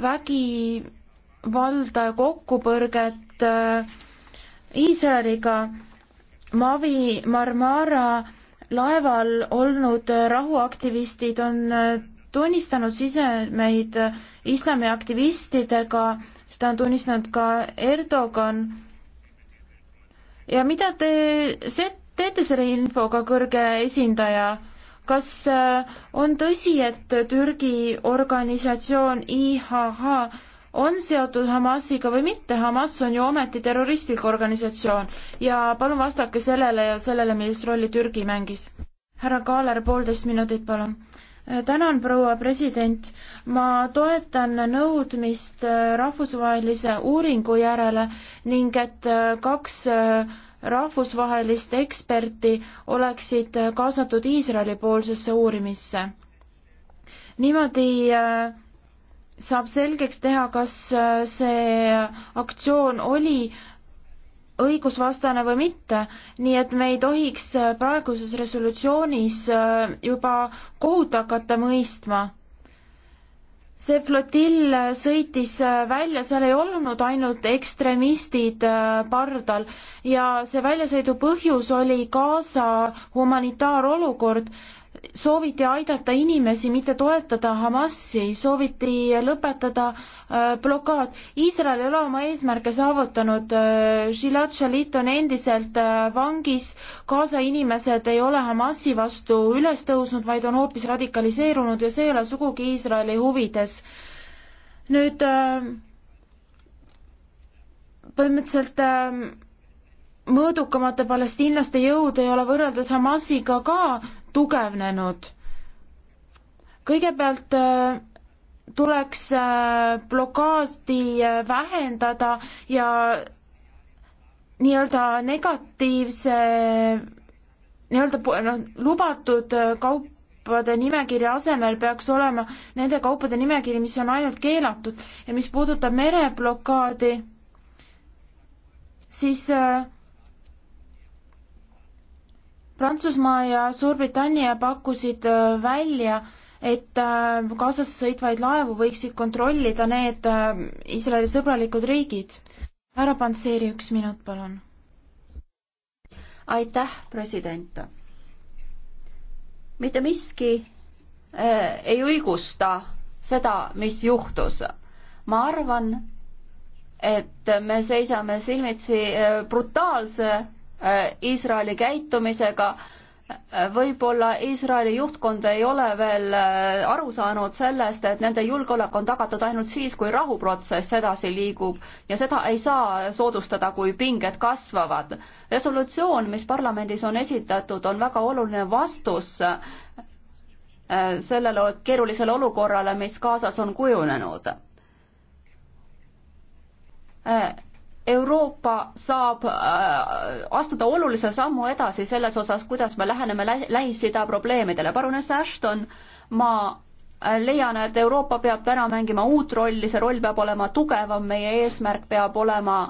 vägivalda ja kokkupõrget äh, Iisraeliga Mavi Marmara laeval olnud äh, rahuaktivistid on äh, tunnistanud sisemeid islamiaktivistidega, seda on tunnistanud ka Erdogan. ja mida te teete selle infoga, kõrge esindaja? kas äh, on tõsi, et Türgi organisatsioon IHH on seotud Hamasiga või mitte, Hamas on ju ometi terroristlik organisatsioon ja palun vastake sellele ja sellele, millist rolli Türgi mängis. härra Kaaler, poolteist minutit, palun. Äh, tänan, proua president, ma toetan nõudmist äh, rahvusvahelise uuringu järele ning et kaks rahvusvahelist eksperti oleksid kaasatud Iisraeli poolsesse uurimisse. niimoodi äh, saab selgeks teha, kas äh, see aktsioon oli õigusvastane või mitte, nii et me ei tohiks äh, praeguses resolutsioonis juba kohut hakata mõistma see flotill sõitis välja, seal ei olnud ainult ekstremistid äh, pardal ja see väljasõidu põhjus oli Gaza humanitaarolukord sooviti aidata inimesi, mitte toetada Hamasi, sooviti lõpetada äh, blokaad. Iisrael ei ole oma eesmärke saavutanud äh,, Gilad Shalit on endiselt äh, vangis, Gaza inimesed ei ole Hamasi vastu üles tõusnud, vaid on hoopis radikaliseerunud ja see ei ole sugugi Iisraeli huvides. nüüd äh, põhimõtteliselt äh, mõõdukamate palestiinlaste jõud ei ole võrreldes Hamasiga ka tugevnenud. kõigepealt äh, tuleks äh, blokaadi äh, vähendada ja nii-öelda negatiivse, nii-öelda noh, lubatud kaupade nimekirja asemel peaks olema nende kaupade nimekiri, mis on ainult keelatud ja mis puudutab mereblokaadi, siis äh, Prantsusmaa ja Suurbritannia pakkusid äh, välja, et äh, Gazasse sõitvaid laevu võiksid kontrollida need äh, Iisraeli sõbralikud riigid. härra Panseri, üks minut, palun. aitäh, president. mitte miski äh, ei õigusta seda, mis juhtus. ma arvan, et me seisame silmitsi brutaalse Äh, Iisraeli käitumisega. võib-olla Iisraeli juhtkond ei ole veel äh, aru saanud sellest, et nende julgeolek on tagatud ainult siis, kui rahuprotsess edasi liigub ja seda ei saa soodustada, kui pinged kasvavad. resolutsioon, mis parlamendis on esitatud, on väga oluline vastus äh, sellele keerulisele olukorrale, mis Gazas on kujunenud Euroopa saab äh, astuda olulise sammu edasi selles osas, kuidas me läheneme Lähis-Ida probleemidele. parunes Ashton, ma äh, leian, et Euroopa peab täna mängima uut rolli, see roll peab olema tugevam, meie eesmärk peab olema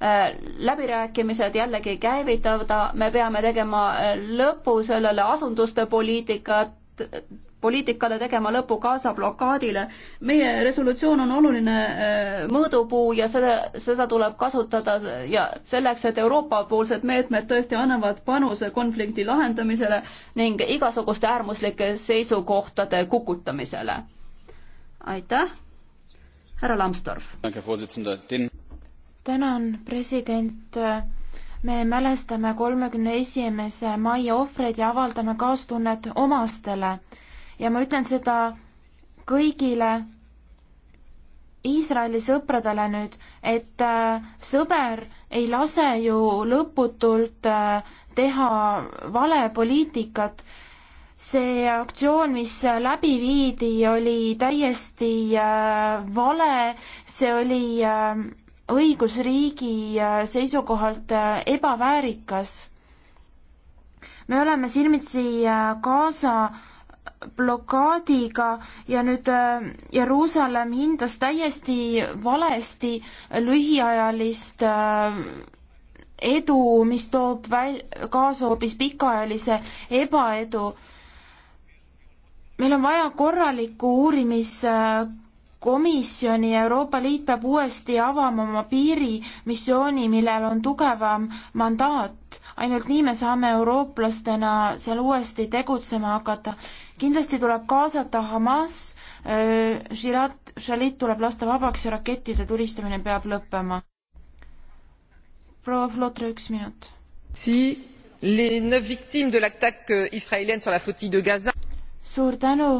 äh, läbirääkimised jällegi käivitada, me peame tegema äh, lõpu sellele asunduste poliitikat, poliitikale tegema lõpu Gaza blokaadile. meie resolutsioon on oluline äh, mõõdupuu ja selle, seda tuleb kasutada ja selleks, et Euroopa-poolsed meetmed tõesti annavad panuse konflikti lahendamisele ning igasuguste äärmuslike seisukohtade kukutamisele. aitäh, härra Lambsdorff. tänan, president me mälestame kolmekümne esimese mai ohvreid ja avaldame kaastunnet omastele ja ma ütlen seda kõigile Iisraeli sõpradele nüüd, et äh, sõber ei lase ju lõputult äh, teha valepoliitikat. see aktsioon, mis läbi viidi, oli täiesti äh, vale, see oli õigusriigi seisukohalt ebaväärikas. me oleme silmitsi Gaza blokaadiga ja nüüd äh, Jeruusalemm hindas täiesti valesti lühiajalist äh, edu, mis toob väl-, kaasa hoopis pikaajalise ebaedu. meil on vaja korralikku uurimiskomisjoni ja Euroopa Liit peab uuesti avama oma piirimissiooni, millel on tugevam mandaat. ainult nii me saame eurooplastena seal uuesti tegutsema hakata kindlasti tuleb kaasata Hamas, äh, Shirat, Shalit tuleb lasta vabaks ja rakettide tulistamine peab lõppema. proua Flotre, üks minut. Si les neuf victimes de l'attaque israélienne sur la flottille de Gaza. suur tänu.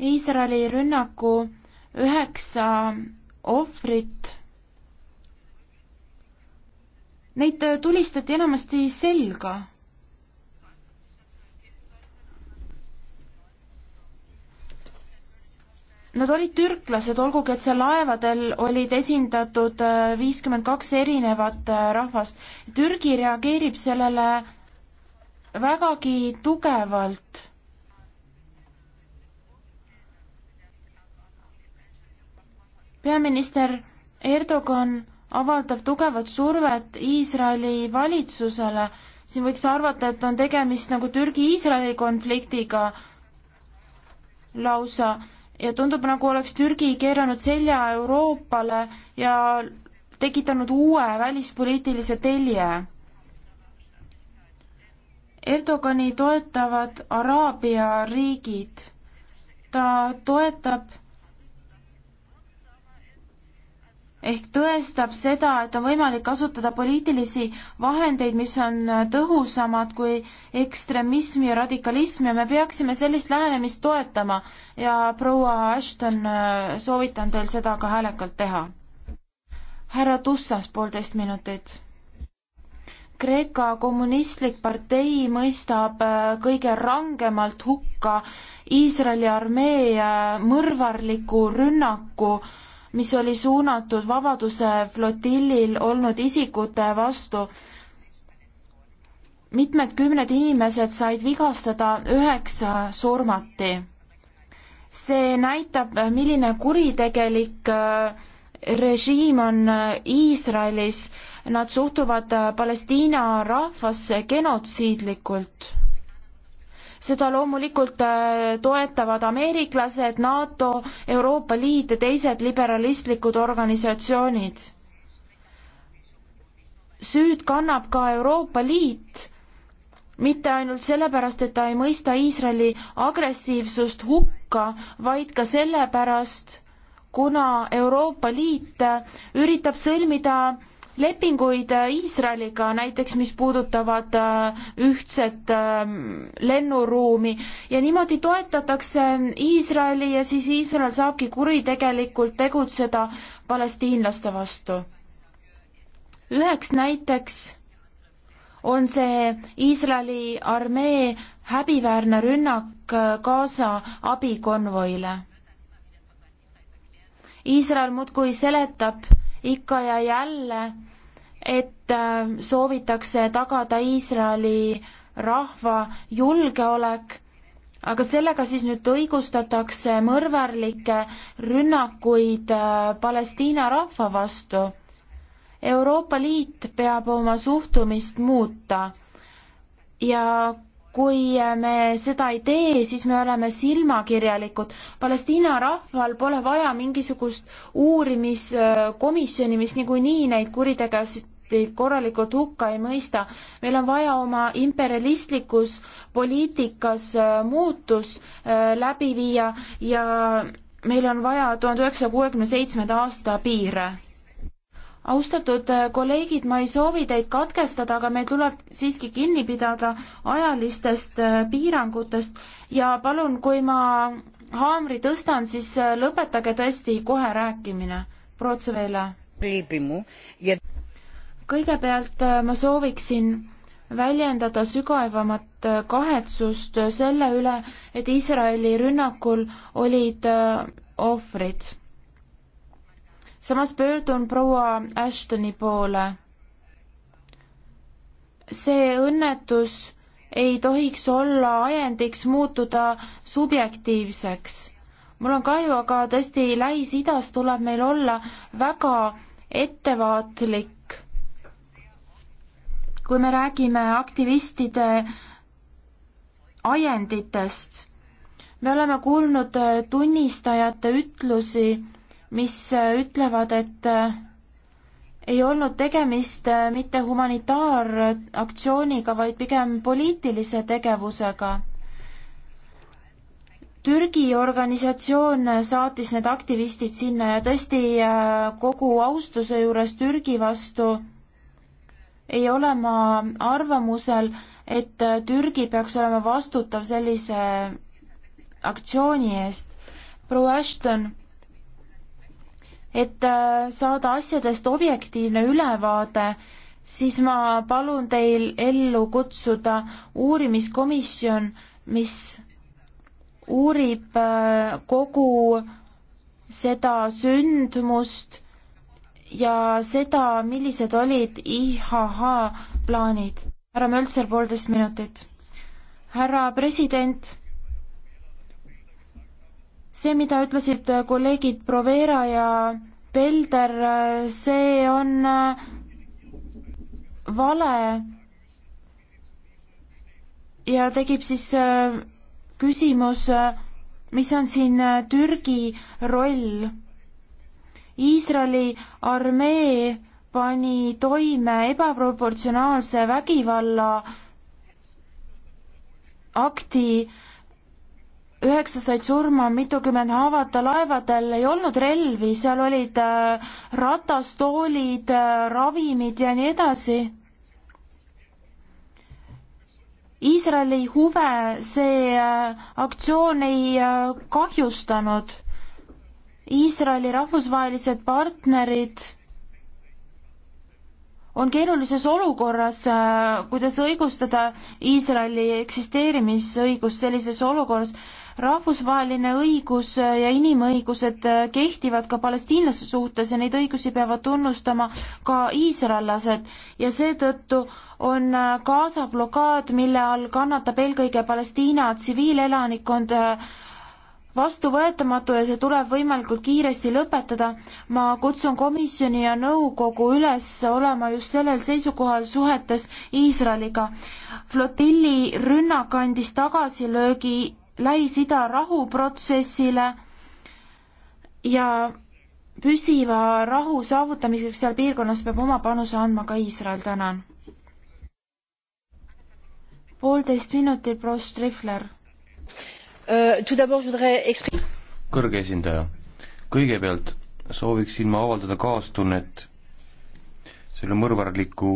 Iisraeli rünnaku üheksa ohvrit. Neid tulistati enamasti selga Nad olid türklased, olgugi et seal laevadel olid esindatud äh, viiskümmend kaks erinevat äh, rahvast. Türgi reageerib sellele vägagi tugevalt. peaminister Erdogan avaldab tugevat survet Iisraeli valitsusele. siin võiks arvata, et on tegemist nagu Türgi-Iisraeli konfliktiga lausa ja tundub, nagu oleks Türgi keeranud selja Euroopale ja tekitanud uue välispoliitilise telje. Erdogani toetavad Araabia riigid. ta toetab ehk tõestab seda, et on võimalik kasutada poliitilisi vahendeid, mis on tõhusamad kui ekstremism ja radikalism ja me peaksime sellist lähenemist toetama ja proua Ashton, äh, soovitan teil seda ka häälekalt teha. härra Tussas, poolteist minutit. Kreeka kommunistlik partei mõistab äh, kõige rangemalt hukka Iisraeli armee äh, mõrvarliku rünnaku äh, mis oli suunatud Vabaduse flotillil olnud isikute vastu. mitmed kümned inimesed said vigastada, üheksa surmati. see näitab, milline kuritegelik äh, režiim on äh, Iisraelis. Nad suhtuvad äh, Palestiina rahvasse genotsiidlikult seda loomulikult äh, toetavad ameeriklased, NATO, Euroopa Liit ja teised liberalistlikud organisatsioonid. süüd kannab ka Euroopa Liit, mitte ainult sellepärast, et ta ei mõista Iisraeli agressiivsust hukka, vaid ka sellepärast, kuna Euroopa Liit üritab sõlmida lepinguid äh, Iisraeliga näiteks, mis puudutavad äh, ühtset ähm, lennuruumi ja niimoodi toetatakse Iisraeli ja siis Iisrael saabki kuritegelikult tegutseda palestiinlaste vastu. üheks näiteks on see Iisraeli armee häbiväärne rünnak äh, Gaza abikonvoile. Iisrael muudkui seletab ikka ja jälle, et äh, soovitakse tagada Iisraeli rahva julgeolek, aga sellega siis nüüd õigustatakse mõrvarlikke rünnakuid äh, Palestiina rahva vastu. Euroopa Liit peab oma suhtumist muuta ja kui äh, me seda ei tee, siis me oleme silmakirjalikud. Palestiina rahval pole vaja mingisugust uurimiskomisjoni, mis niikuinii neid kuritegevusi korralikult hukka ei mõista. meil on vaja oma imperialistlikus poliitikas äh, muutus äh, läbi viia ja meil on vaja tuhande üheksasaja kuuekümne seitsmenda aasta piire austatud äh, kolleegid, ma ei soovi teid katkestada, aga meil tuleb siiski kinni pidada ajalistest äh, piirangutest ja palun, kui ma haamri tõstan, siis äh, lõpetage tõesti kohe rääkimine. Protseveele. kõigepealt ma sooviksin väljendada sügavamat kahetsust selle üle, et Iisraeli rünnakul olid ohvrid samas pöördun proua Ashtoni poole. see õnnetus ei tohiks olla ajendiks muutuda subjektiivseks. mul on kahju, aga tõesti Lähis-Idas tuleb meil olla väga ettevaatlik. kui me räägime aktivistide ajenditest, me oleme kuulnud tunnistajate ütlusi mis äh, ütlevad, et äh, ei olnud tegemist äh, mitte humanitaaraktsiooniga, vaid pigem poliitilise tegevusega. Türgi organisatsioon saatis need aktivistid sinna ja tõesti kogu austuse juures Türgi vastu ei ole ma arvamusel, et Türgi peaks olema vastutav sellise aktsiooni eest. proua Ashton et äh, saada asjadest objektiivne ülevaade, siis ma palun teil ellu kutsuda uurimiskomisjon, mis uurib äh, kogu seda sündmust ja seda, millised olid IHH plaanid. härra Möltser, poolteist minutit. härra president see, mida ütlesid äh, kolleegid Provera ja Pelder, äh, see on äh, vale ja tekib siis küsimus, mis on siin Türgi roll? Iisraeli armee pani toime ebaproportsionaalse vägivalla akti üheksa said surma, mitukümmend haavata, laevadel ei olnud relvi, seal olid äh, ratastoolid, äh, ravimid ja nii edasi. Iisraeli huve see äh, aktsioon ei kahjustanud. Iisraeli rahvusvahelised partnerid on keerulises olukorras, kuidas õigustada Iisraeli eksisteerimisõigust sellises olukorras rahvusvaheline õigus ja inimõigused kehtivad ka palestiinlaste suhtes ja neid õigusi peavad tunnustama ka iisraellased ja seetõttu on Gaza blokaad, mille all kannatab eelkõige Palestiina tsiviilelanikkond, vastuvõetamatu ja see tuleb võimalikult kiiresti lõpetada. ma kutsun komisjoni ja nõukogu üles olema just sellel seisukohal suhetes Iisraeliga. flotilli rünnak andis tagasilöögi Lähis-Ida rahuprotsessile ja püsiva rahu saavutamiseks seal piirkonnas peab oma panuse andma ka Iisrael, tänan. poolteist minutit, proua Strihler. Äh, kõrge esindaja, kõigepealt sooviksin ma avaldada kaastunnet selle mõrvarliku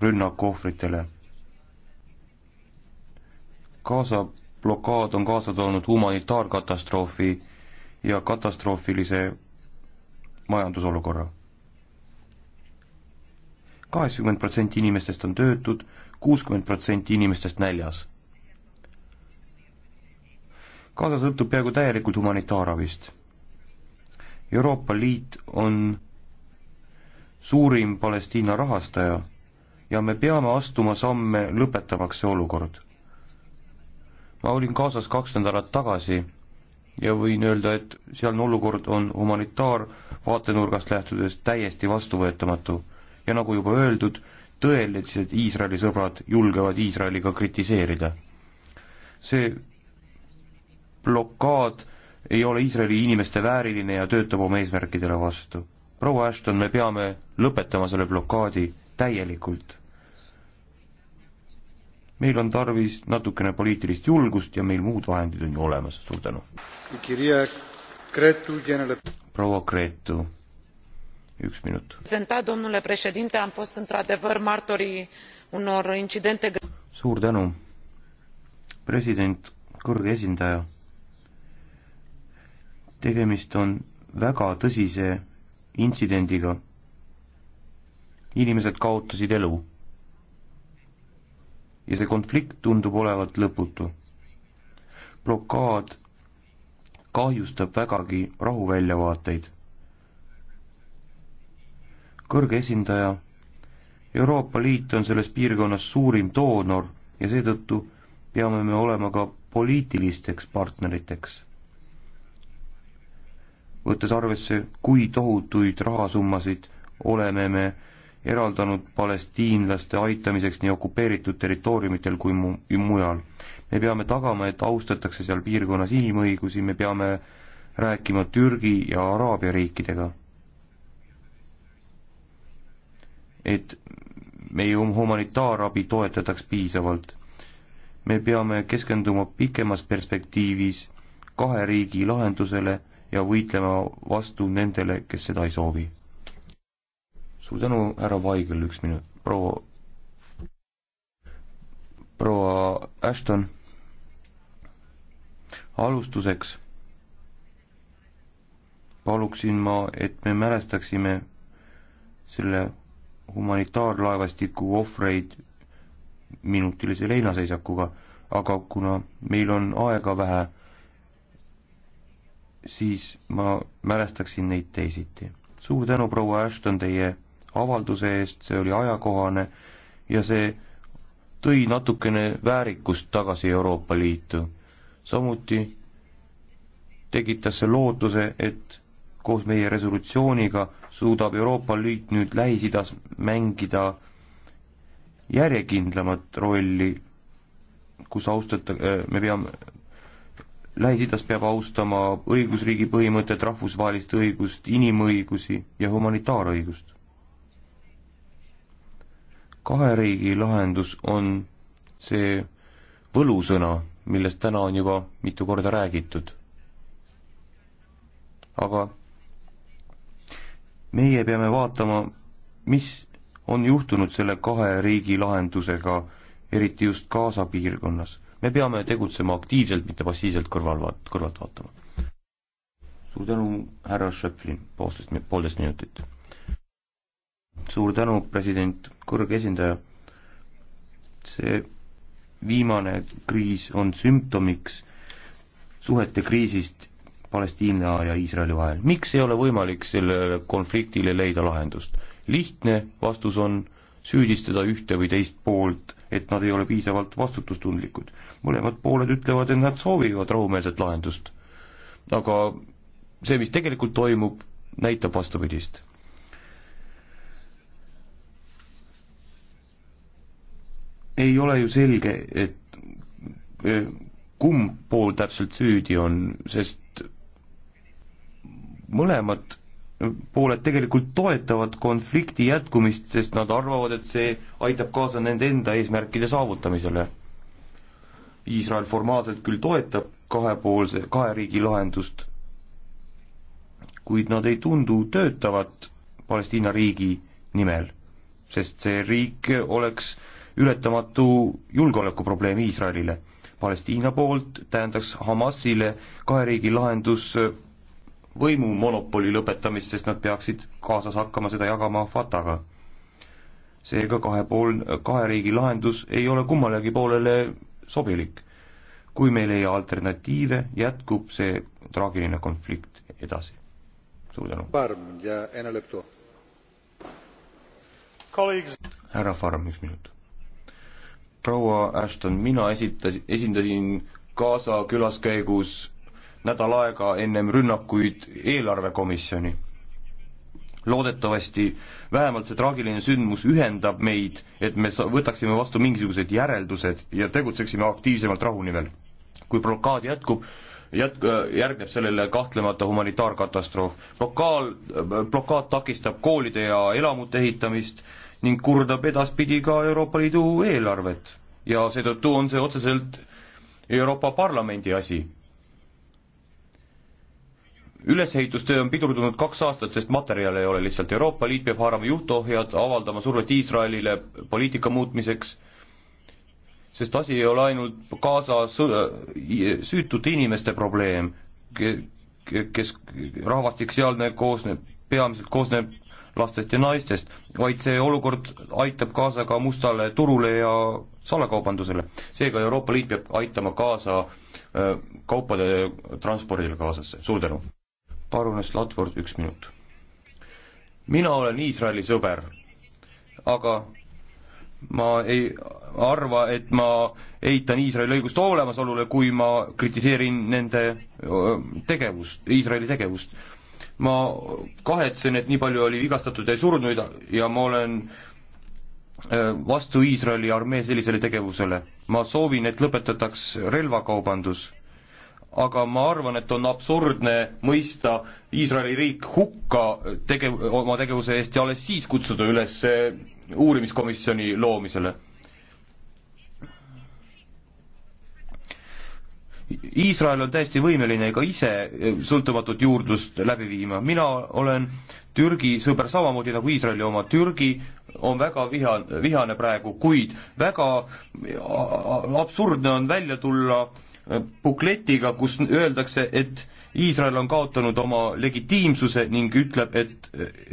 rünnaku ohvritele. Gaza blokaad on kaasa toonud humanitaarkatastroofi ja katastroofilise majandusolukorra. kaheksakümmend protsenti inimestest on töötud, kuuskümmend protsenti inimestest näljas. Gaza sõltub peaaegu täielikult humanitaaravist. Euroopa Liit on suurim Palestiina rahastaja ja me peame astuma samme lõpetamaks see olukord ma olin Gazas kaks nädalat tagasi ja võin öelda, et sealne olukord on humanitaarvaatenurgast lähtudes täiesti vastuvõetamatu. ja nagu juba öeldud, tõelised Iisraeli sõbrad julgevad Iisraeli ka kritiseerida. see blokaad ei ole Iisraeli inimeste vääriline ja töötab oma eesmärkidele vastu. proua Ashton, me peame lõpetama selle blokaadi täielikult meil on tarvis natukene poliitilist julgust ja meil muud vahendid on ju olemas, suur tänu. proua Gretu, üks minut. am fost într adevăr martorii unor incidente. suur tänu, president, kõrge esindaja. tegemist on väga tõsise intsidendiga. inimesed kaotasid elu ja see konflikt tundub olevat lõputu. blokaad kahjustab vägagi rahuväljavaateid. kõrge esindaja, Euroopa Liit on selles piirkonnas suurim doonor ja seetõttu peame me olema ka poliitilisteks partneriteks. võttes arvesse, kui tohutuid rahasummasid oleme me eraldanud palestiinlaste aitamiseks nii okupeeritud territooriumitel kui mu-, mujal. me peame tagama, et austatakse seal piirkonnas inimõigusi, me peame rääkima Türgi ja Araabia riikidega. et meie humanitaarabi toetataks piisavalt. me peame keskenduma pikemas perspektiivis kahe riigi lahendusele ja võitlema vastu nendele, kes seda ei soovi suur tänu, härra Vaigel, üks minut, proua, proua Ashton, alustuseks paluksin ma, et me mälestaksime selle humanitaarlaevastiku ohvreid minutilise leinaseisakuga, aga kuna meil on aega vähe, siis ma mälestaksin neid teisiti. suur tänu, proua Ashton, teie avalduse eest, see oli ajakohane ja see tõi natukene väärikust tagasi Euroopa Liitu. samuti tekitas see lootuse, et koos meie resolutsiooniga suudab Euroopa Liit nüüd Lähis-Idas mängida järjekindlamat rolli, kus austata, äh, me peame, Lähis-Idas peab austama õigusriigi põhimõtet, rahvusvahelist õigust, inimõigusi ja humanitaarõigust kahe riigi lahendus on see võlusõna, millest täna on juba mitu korda räägitud. aga meie peame vaatama, mis on juhtunud selle kahe riigi lahendusega, eriti just Gaza piirkonnas. me peame tegutsema aktiivselt, mitte passiivselt kõrvalvaat-, kõrvalt vaatama. suur tänu, härra Schöpflin, poolteist, poolteist minutit suur tänu, president, kõrge esindaja. see viimane kriis on sümptomiks suhete kriisist Palestiina ja Iisraeli vahel. miks ei ole võimalik sellele konfliktile leida lahendust? lihtne vastus on süüdistada ühte või teist poolt, et nad ei ole piisavalt vastutustundlikud. mõlemad pooled ütlevad, et nad soovivad rahumeelset lahendust. aga see, mis tegelikult toimub, näitab vastupidist ei ole ju selge, et eh, kumb pool täpselt süüdi on, sest mõlemad pooled tegelikult toetavad konflikti jätkumist, sest nad arvavad, et see aitab kaasa nende enda eesmärkide saavutamisele. Iisrael formaalselt küll toetab kahepoolse, kahe riigi lahendust, kuid nad ei tundu töötavat Palestiina riigi nimel, sest see riik oleks äh, ületamatu julgeolekuprobleem Iisraelile. Palestiina poolt tähendaks Hamasile kahe riigi lahendus äh, võimumonopoli lõpetamist, sest nad peaksid kaasas hakkama seda jagama Fataga. seega kahepool, äh, kahe riigi lahendus ei ole kummalegi poolele sobilik. kui me ei leia alternatiive, jätkub see traagiline konflikt edasi. suur tänu. härra Farm, üks minut proua Ashton, mina esitas, esindasin Gaza külaskäigus nädal aega ennem rünnakuid eelarvekomisjoni. loodetavasti vähemalt see traagiline sündmus ühendab meid, et me võtaksime vastu mingisugused järeldused ja tegutseksime aktiivsemalt rahu nimel. kui blokaad jätkub, jätk-, järgneb sellele kahtlemata humanitaarkatastroof. blokaal, blokaad takistab koolide ja elamute ehitamist, ning kurdab edaspidi ka Euroopa Liidu eelarvet. ja seetõttu on see otseselt Euroopa Parlamendi asi. ülesehitustöö on pidurdunud kaks aastat, sest materjale ei ole lihtsalt. Euroopa Liit peab haarama juhtohjad, avaldama survet Iisraelile poliitika muutmiseks, sest asi ei ole ainult Gaza süütute inimeste probleem, kes rahvastik sealne koosneb, peamiselt koosneb lastest ja naistest, vaid see olukord aitab kaasa ka mustale turule ja salakaubandusele. seega Euroopa Liit peab aitama kaasa äh, kaupade transpordile kaasasse, suur tänu. parunes Latvord, üks minut. mina olen Iisraeli sõber, aga ma ei arva, et ma eitan Iisraeli õigust olemasolule, kui ma kritiseerin nende äh, tegevust, Iisraeli tegevust ma kahetsen, et nii palju oli vigastatud ja surnuid ja ma olen äh, vastu Iisraeli armee sellisele tegevusele. ma soovin, et lõpetataks relvakaubandus. aga ma arvan, et on absurdne mõista Iisraeli riik hukka tegev-, oma tegevuse eest ja alles siis kutsuda üles äh, uurimiskomisjoni loomisele. Iisrael on täiesti võimeline ka ise eh, sõltumatut juurdlust läbi viima, mina olen Türgi sõber samamoodi nagu Iisraeli oma, Türgi on väga viha, vihane praegu, kuid väga absurdne on välja tulla eh, bukletiga, kus öeldakse, et Iisrael on kaotanud oma legitiimsuse ning ütleb, et,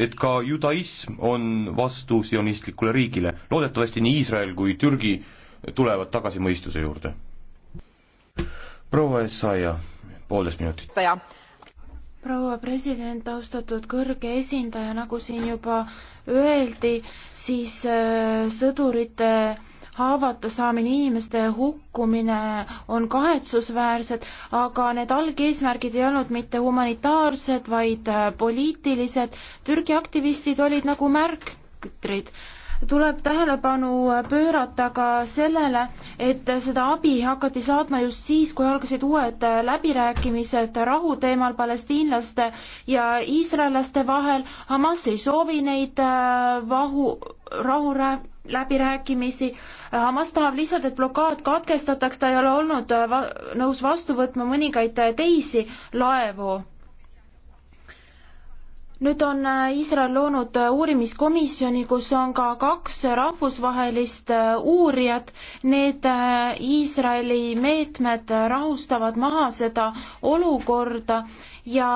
et ka judaism on vastu sionistlikule riigile. loodetavasti nii Iisrael kui Türgi tulevad tagasi mõistuse juurde proua Essaia, poolteist minutit. proua president, austatud kõrge esindaja, nagu siin juba öeldi, siis äh, sõdurite haavata saamine, inimeste hukkumine on kahetsusväärsed, aga need algeesmärgid ei olnud mitte humanitaarsed, vaid äh, poliitilised. Türgi aktivistid olid nagu märkrid tuleb tähelepanu pöörata ka sellele, et seda abi hakati saatma just siis, kui algasid uued läbirääkimised rahu teemal palestiinlaste ja iisraellaste vahel. Hamas ei soovi neid äh, vahu, rahu läbirääkimisi. Hamas tahab lihtsalt, et blokaad katkestataks, ta ei ole olnud äh, va nõus vastu võtma mõningaid teisi laevu nüüd on äh, Iisrael loonud äh, uurimiskomisjoni, kus on ka kaks rahvusvahelist äh, uurijat. Need Iisraeli meetmed rahustavad maha seda olukorda ja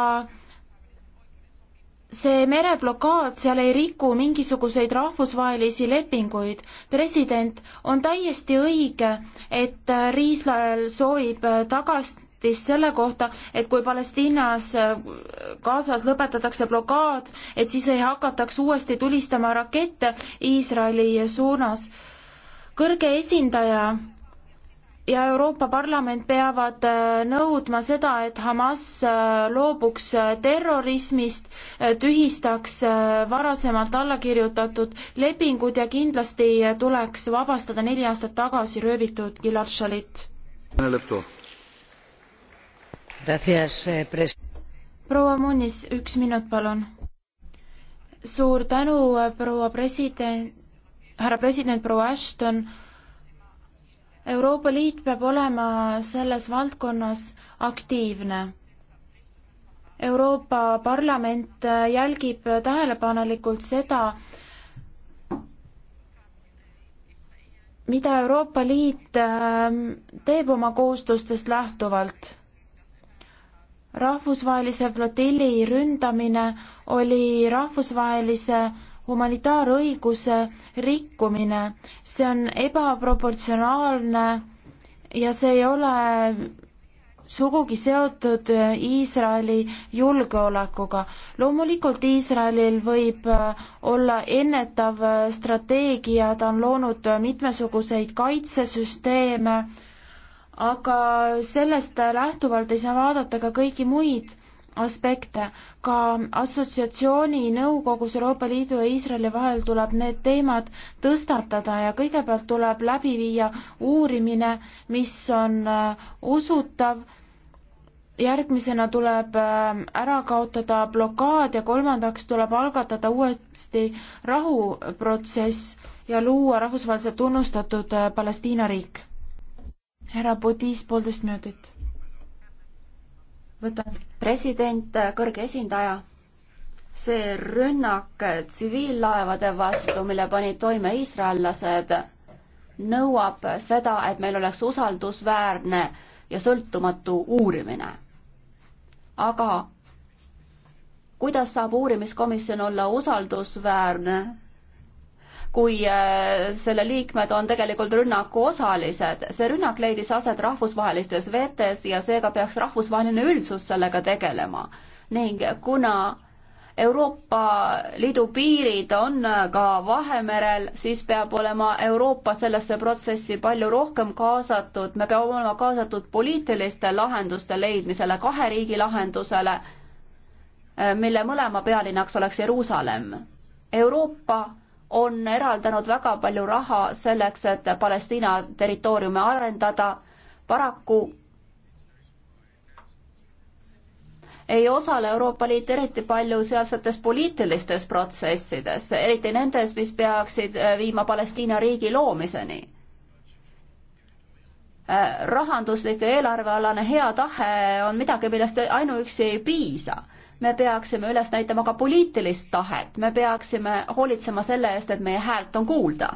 see mereblokaad seal ei riku mingisuguseid rahvusvahelisi lepinguid. president, on täiesti õige, et Iisrael soovib tagasi uudist selle kohta, et kui Palestiinas, äh, Gazas lõpetatakse blokaad, et siis ei hakataks uuesti tulistama rakette Iisraeli suunas. kõrge esindaja ja Euroopa Parlament peavad äh, nõudma seda, et Hamas äh, loobuks terrorismist, tühistaks varasemalt alla kirjutatud lepingud ja kindlasti tuleks vabastada neli aastat tagasi röövitud Gilad Shalit. Eh, proua Munnis, üks minut, palun. suur tänu, eh, proua president, härra president, proua Ashton. Euroopa Liit peab olema selles valdkonnas aktiivne. Euroopa Parlament eh, jälgib tähelepanelikult seda, mida Euroopa Liit teeb oma kohustustest lähtuvalt rahvusvahelise flotilli ründamine oli rahvusvahelise humanitaarõiguse rikkumine. see on ebaproportsionaalne ja see ei ole sugugi seotud Iisraeli julgeolekuga. loomulikult Iisraelil võib olla ennetav strateegia, ta on loonud mitmesuguseid kaitsesüsteeme aga sellest lähtuvalt ei saa vaadata ka kõiki muid aspekte. ka assotsiatsiooni nõukogus Euroopa Liidu ja Iisraeli vahel tuleb need teemad tõstatada ja kõigepealt tuleb läbi viia uurimine, mis on äh, usutav, järgmisena tuleb äh, ära kaotada blokaad ja kolmandaks tuleb algatada uuesti rahuprotsess ja luua rahvusvaheliselt tunnustatud äh, Palestiina riik härra Budis, poolteist minutit. võtan. president, äh, kõrge esindaja see rünnak tsiviillaevade vastu, mille panid toime iisraellased, nõuab seda, et meil oleks usaldusväärne ja sõltumatu uurimine. aga kuidas saab uurimiskomisjon olla usaldusväärne, kui äh, selle liikmed on tegelikult rünnaku osalised. see rünnak leidis aset rahvusvahelistes vetes ja seega peaks rahvusvaheline üldsus sellega tegelema. ning kuna Euroopa Liidu piirid on äh, ka Vahemerel, siis peab olema Euroopa sellesse protsessi palju rohkem kaasatud, me peame olema kaasatud poliitiliste lahenduste leidmisele, kahe riigi lahendusele, äh, mille mõlema pealinnaks oleks Jeruusalemm. Euroopa on eraldanud väga palju raha selleks, et Palestiina territooriume arendada. paraku ei osale Euroopa Liit eriti palju sealsetes poliitilistes protsessides, eriti nendes, mis peaksid äh, viima Palestiina riigi loomiseni. Äh, rahanduslik ja eelarvealane hea tahe on midagi, millest ainuüksi ei piisa me peaksime üles näitama ka poliitilist tahet, me peaksime hoolitsema selle eest, et meie häält on kuulda.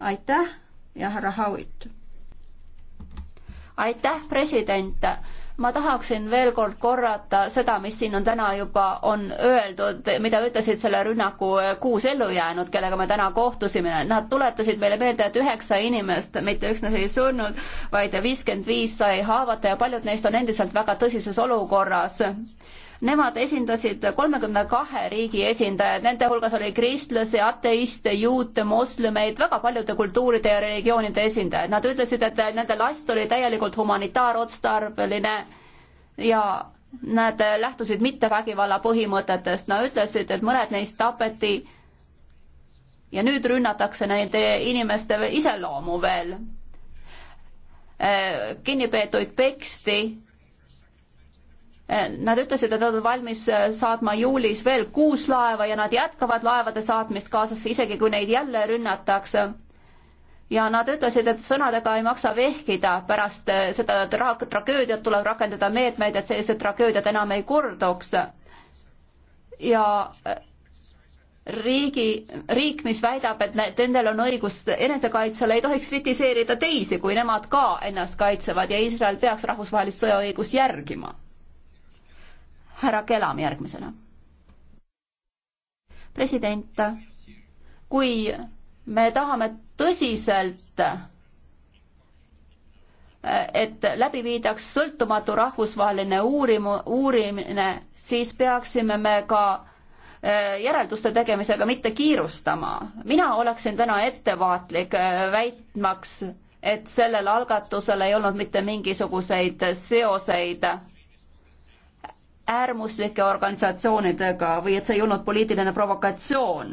aitäh ja härra Howitt. aitäh, president. ma tahaksin veel kord korrata seda, mis siin on täna juba, on öeldud, mida ütlesid selle rünnaku kuus ellujäänut, kellega me täna kohtusime. Nad tuletasid meile meelde, et üheksa inimest mitte üksnes ei surnud, vaid viiskümmend viis sai haavata ja paljud neist on endiselt väga tõsises olukorras Nemad esindasid kolmekümne kahe riigi esindajaid, nende hulgas oli kristlasi, ateiste, juute, moslemeid, väga paljude kultuuride ja religioonide esindajaid. Nad ütlesid, et nende last oli täielikult humanitaarotstarbeline ja nad lähtusid mittevägivalla põhimõtetest. Nad ütlesid, et mõned neist tapeti ja nüüd rünnatakse nende inimeste iseloomu veel. kinnipeetuid peksti Nad ütlesid, et nad on valmis äh, saatma juulis veel kuus laeva ja nad jätkavad laevade saatmist Gazasse, isegi kui neid jälle rünnatakse. ja nad ütlesid, et sõnadega ei maksa vehkida, pärast äh, seda tra tragöödiat tuleb rakendada meetmeid, et sellised tragöödiad enam ei korduks. ja äh, riigi, riik, mis väidab, et nendel on õigus enesekaitsele, ei tohiks kritiseerida teisi, kui nemad ka ennast kaitsevad ja Iisrael peaks rahvusvahelist sõjaõigust järgima härra Kelam järgmisena. president, kui me tahame tõsiselt et läbi viidaks sõltumatu rahvusvaheline uurimu-, uurimine, siis peaksime me ka eh, järelduste tegemisega mitte kiirustama. mina oleksin täna ettevaatlik, eh, väitmaks, et sellel algatusel ei olnud mitte mingisuguseid seoseid äärmuslike organisatsioonidega või et see ei olnud poliitiline provokatsioon.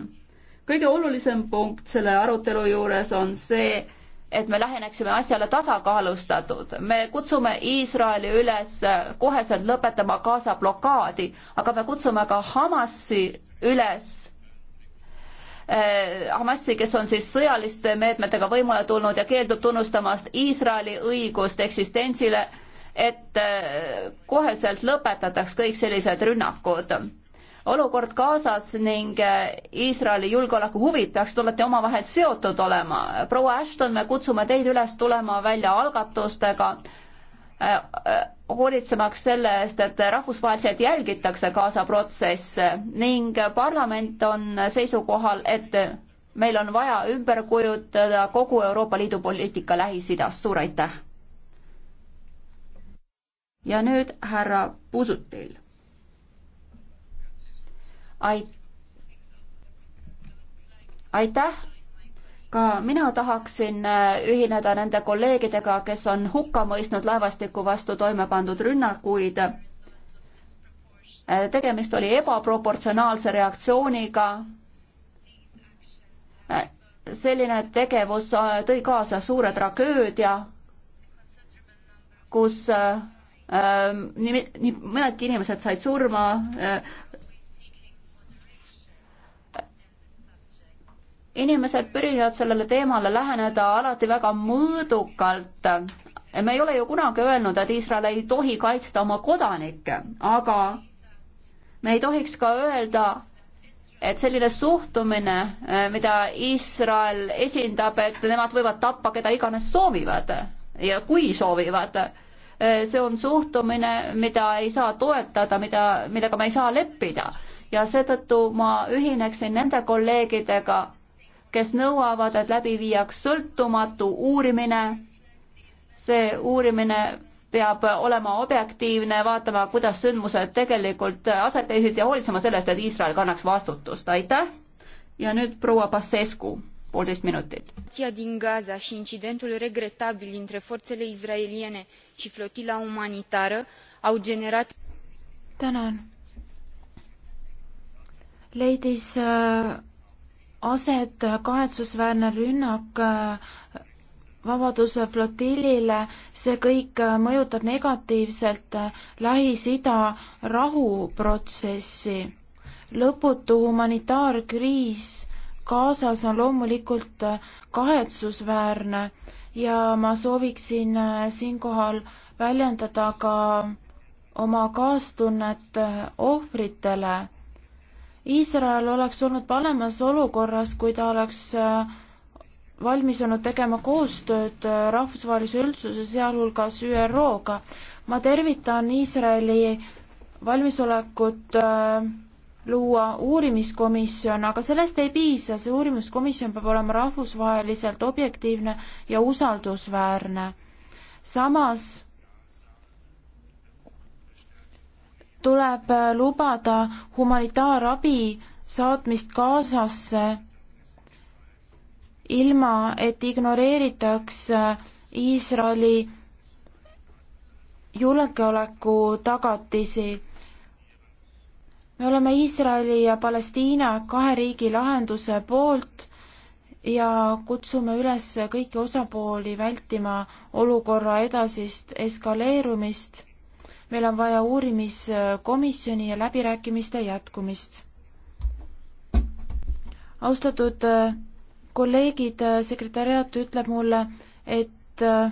kõige olulisem punkt selle arutelu juures on see, et me läheneksime asjale tasakaalustatud. me kutsume Iisraeli üles koheselt lõpetama Gaza blokaadi, aga me kutsume ka Hamasi üles eh, Hamasi, kes on siis sõjaliste meetmetega võimule tulnud ja keeldub tunnustamast Iisraeli õigust eksistentsile et äh, koheselt lõpetataks kõik sellised rünnakud. olukord Gazas ning äh, Iisraeli julgeolekuhuvid peaksid alati omavahel seotud olema. proua Ashton, me kutsume teid üles tulema välja algatustega äh, hoolitsemaks selle eest, et rahvusvaheliselt jälgitakse Gaza protsesse ning parlament on seisukohal, et meil on vaja ümber kujutada kogu Euroopa Liidu poliitika Lähis-Idas, suur aitäh! ja nüüd härra Pusutil. aitäh, ka mina tahaksin äh, ühineda nende kolleegidega, kes on hukka mõistnud laevastiku vastu toime pandud rünnakuid. Äh, tegemist oli ebaproportsionaalse reaktsiooniga äh, selline tegevus tõi kaasa suure tragöödia, kus Ähm, nii, nii mõnedki inimesed said surma. Äh, inimesed püüavad sellele teemale läheneda alati väga mõõdukalt. me ei ole ju kunagi öelnud, et Iisrael ei tohi kaitsta oma kodanikke, aga me ei tohiks ka öelda, et selline suhtumine, äh, mida Iisrael esindab, et nemad võivad tappa, keda iganes soovivad ja kui soovivad Äh, see on suhtumine, mida ei saa toetada, mida, millega me ei saa leppida. ja seetõttu ma ühineksin nende kolleegidega, kes nõuavad, et läbi viiaks sõltumatu uurimine. see uurimine peab olema objektiivne, vaatama, kuidas sündmused tegelikult aset leidsid ja hoolitsema sellest, et Iisrael kannaks vastutust. aitäh! ja nüüd proua Passescu poolteist minutit. din Gaza și incidentul regretabil dintre forțele israeliene și flotila umanitară au generat tänan. leidis äh, aset kahetsusväärne rünnak äh, Vabaduse flotilile, see kõik äh, mõjutab negatiivselt äh, Lähis-Ida rahuprotsessi. lõputu humanitaarkriis Gazas on loomulikult äh, kahetsusväärne ja ma sooviksin äh, siinkohal väljendada ka oma kaastunnet äh, ohvritele. Iisrael oleks olnud paremas olukorras, kui ta oleks valmis olnud tegema koostööd rahvusvahelise üldsuse, sealhulgas ÜRO-ga. ma tervitan Iisraeli valmisolekut äh, luua uurimiskomisjon, aga sellest ei piisa, see uurimiskomisjon peab olema rahvusvaheliselt objektiivne ja usaldusväärne. samas tuleb lubada humanitaarabi saatmist Gazasse, ilma et ignoreeritaks Iisraeli julgeoleku tagatisi me oleme Iisraeli ja Palestiina kahe riigi lahenduse poolt ja kutsume üles kõiki osapooli vältima olukorra edasist eskaleerumist. meil on vaja uurimiskomisjoni ja läbirääkimiste jätkumist. austatud äh, kolleegid, äh, sekretäriaat ütleb mulle, et äh,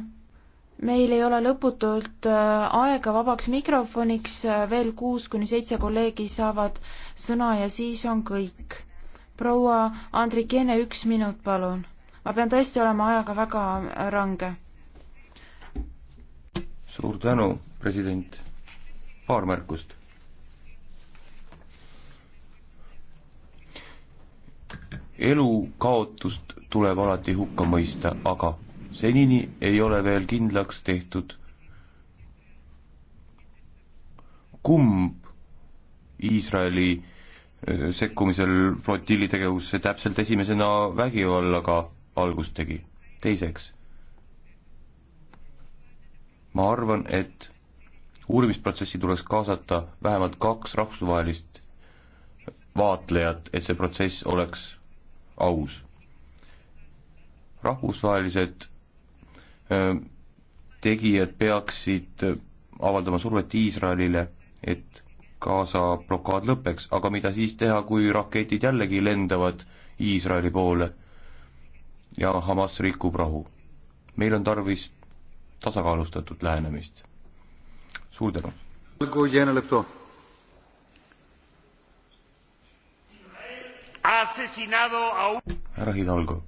meil ei ole lõputult äh, aega vabaks mikrofoniks, äh, veel kuus kuni seitse kolleegi saavad sõna ja siis on kõik. proua Andrikene, üks minut, palun. ma pean tõesti olema ajaga väga range. suur tänu, president. paar märkust. elu kaotust tuleb alati hukka mõista, aga senini ei ole veel kindlaks tehtud, kumb Iisraeli äh, sekkumisel flotilli tegevusse täpselt esimesena vägivallaga algust tegi. teiseks, ma arvan, et uurimisprotsessi tuleks kaasata vähemalt kaks rahvusvahelist vaatlejat, et see protsess oleks aus. rahvusvahelised tegijad peaksid avaldama survet Iisraelile, et Gaza blokaad lõpeks, aga mida siis teha, kui raketid jällegi lendavad Iisraeli poole ja Hamas rikub rahu? meil on tarvis tasakaalustatud lähenemist. suur tänu! härra Hidalgo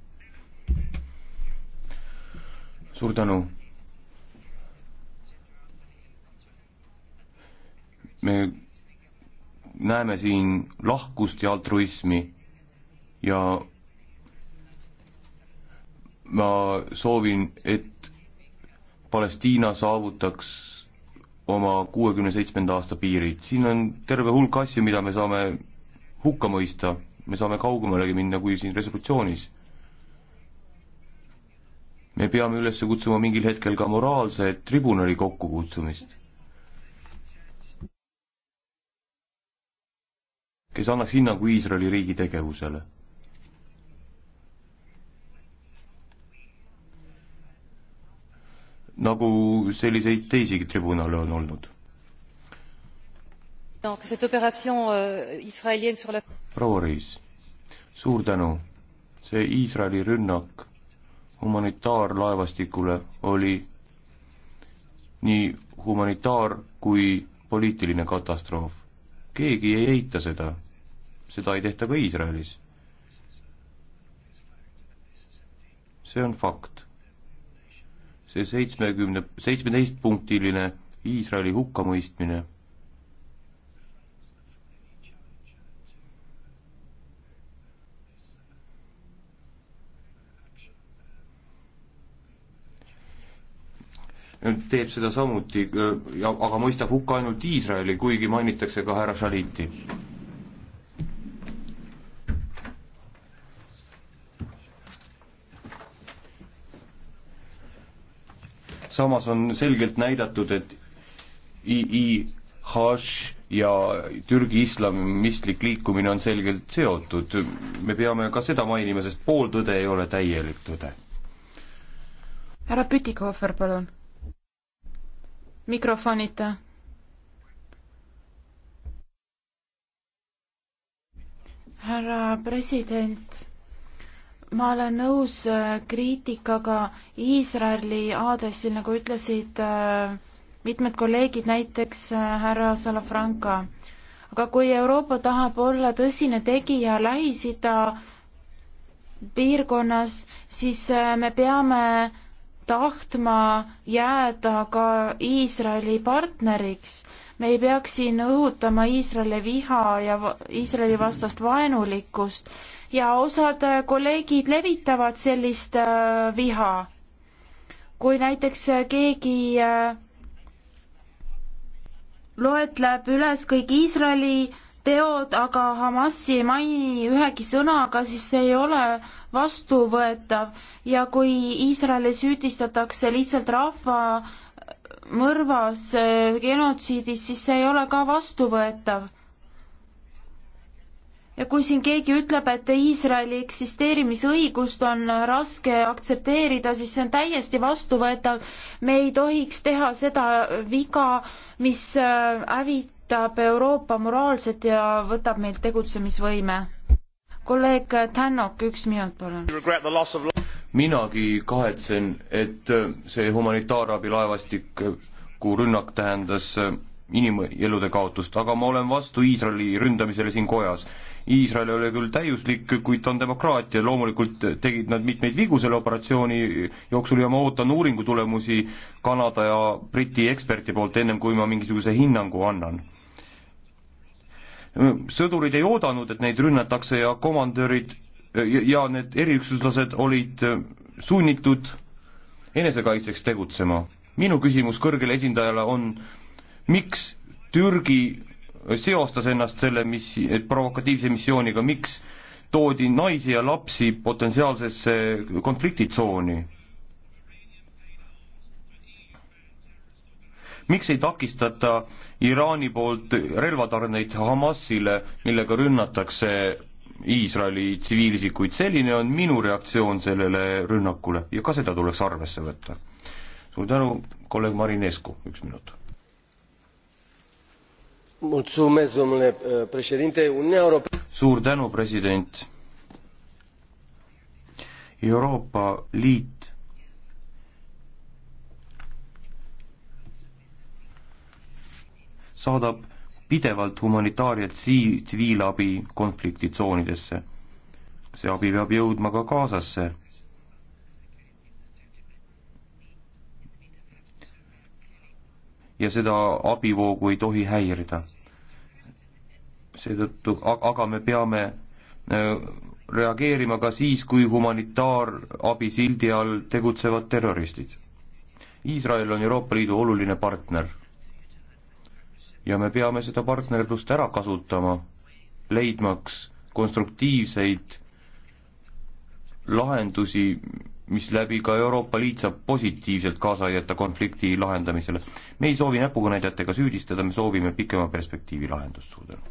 suur tänu. me näeme siin lahkust ja altruismi ja ma soovin, et Palestiina saavutaks oma kuuekümne seitsmenda aasta piirid, siin on terve hulk asju, mida me saame hukka mõista, me saame kaugemalegi minna kui siin resolutsioonis me peame üles kutsuma mingil hetkel ka moraalse tribunali kokkukutsumist, kes annaks hinnangu Iisraeli riigi tegevusele nagu selliseid teisigi tribunale on olnud. Euh, proua Reis, suur tänu. see Iisraeli rünnak humanitaarlaevastikule oli nii humanitaar kui poliitiline katastroof. keegi ei eita seda, seda ei tehta ka Iisraelis. see on fakt. see seitsmekümne, seitsmeteistpunktiline Iisraeli hukkamõistmine teeb seda samuti äh, ja aga mõistab hukka ainult Iisraeli, kuigi mainitakse ka härra Shaliti. samas on selgelt näidatud, et IIH ja Türgi islamistlik liikumine on selgelt seotud. me peame ka seda mainima, sest pooltõde ei ole täielik tõde. härra Pütikohver, palun mikrofonita. härra president, ma olen nõus äh, kriitikaga Iisraeli aadressil, nagu ütlesid äh, mitmed kolleegid, näiteks äh, härra Salafranca. aga kui Euroopa tahab olla tõsine tegija Lähis-Ida piirkonnas, siis me peame tahtma jääda ka Iisraeli partneriks. me ei peaks siin õhutama Iisraeli viha ja Iisraeli vastast vaenulikkust ja osad äh, kolleegid levitavad sellist äh, viha. kui näiteks äh, keegi loetleb üles kõik Iisraeli teod, aga Hamasi ei maini ühegi sõnaga, siis see ei ole vastuvõetav ja kui Iisraeli süüdistatakse lihtsalt rahva mõrvas, eh, genotsiidis, siis see ei ole ka vastuvõetav. ja kui siin keegi ütleb, et Iisraeli eksisteerimisõigust on raske aktsepteerida, siis see on täiesti vastuvõetav. me ei tohiks teha seda viga, mis äh, hävitab Euroopa moraalset ja võtab meilt tegutsemisvõime kolleeg Tännok, üks minut, palun. minagi kahetsen, et äh, see humanitaarabilaevastiku äh, rünnak tähendas äh, inimelude kaotust, aga ma olen vastu Iisraeli ründamisele siin kojas. Iisrael ei ole küll täiuslik, kuid ta on demokraatia, loomulikult tegid nad mitmeid vigu selle operatsiooni jooksul ja ma ootan uuringu tulemusi Kanada ja Briti eksperti poolt, ennem kui ma mingisuguse hinnangu annan sõdurid ei oodanud, et neid rünnatakse ja komandörid ja need eriüksuslased olid äh, sunnitud enesekaitseks tegutsema. minu küsimus kõrgele esindajale on, miks Türgi seostas ennast selle mis-, provokatiivse missiooniga, miks toodi naisi ja lapsi potentsiaalsesse konfliktitsooni? miks ei takistata Iraani poolt relvatarneid Hamasile, millega rünnatakse Iisraeli tsiviilisikuid, selline on minu reaktsioon sellele rünnakule ja ka seda tuleks arvesse võtta. suur tänu, kolleeg Marinescu, üks minut. Eh, suur tänu, president. Euroopa Liit saadab pidevalt humanitaar- ja tsiviilabi konfliktitsoonidesse. see abi peab jõudma ka Gazasse. ja seda abivoogu ei tohi häirida. seetõttu, aga me peame äh, reageerima ka siis, kui humanitaarabi sildi all tegutsevad terroristid. Iisrael on Euroopa Liidu oluline partner ja me peame seda partnerlust ära kasutama, leidmaks konstruktiivseid lahendusi, mis läbi ka Euroopa Liit saab positiivselt kaasa aidata konflikti lahendamisele. me ei soovi näpuga näidata ega süüdistada, me soovime pikema perspektiivi lahendust, suur tänu.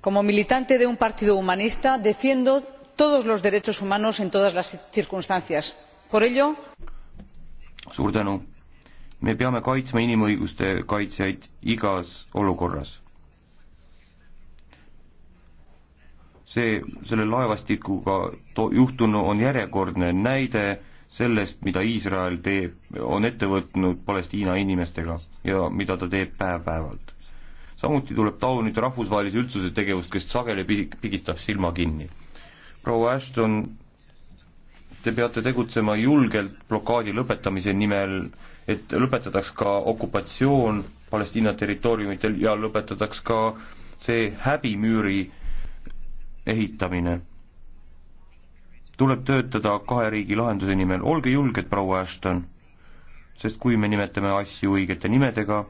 Como militante de un partido humanista defiendo todos los derechos humanos en todas las circunstancias. Por ello. suur tänu me peame kaitsma inimõiguste kaitsjaid igas olukorras. see, selle laevastikuga to-, juhtunu on järjekordne näide sellest, mida Iisrael teeb, on ette võtnud Palestiina inimestega ja mida ta teeb päev-päevalt. samuti tuleb taunida rahvusvahelise üldsuse tegevust, kes sageli pisik-, pigistab silma kinni. proua Ashton, te peate tegutsema julgelt blokaadi lõpetamise nimel et lõpetataks ka okupatsioon Palestiina territooriumitel ja lõpetataks ka see häbimüüri ehitamine. tuleb töötada kahe riigi lahenduse nimel, olge julged, proua Ashton, sest kui me nimetame asju õigete nimedega,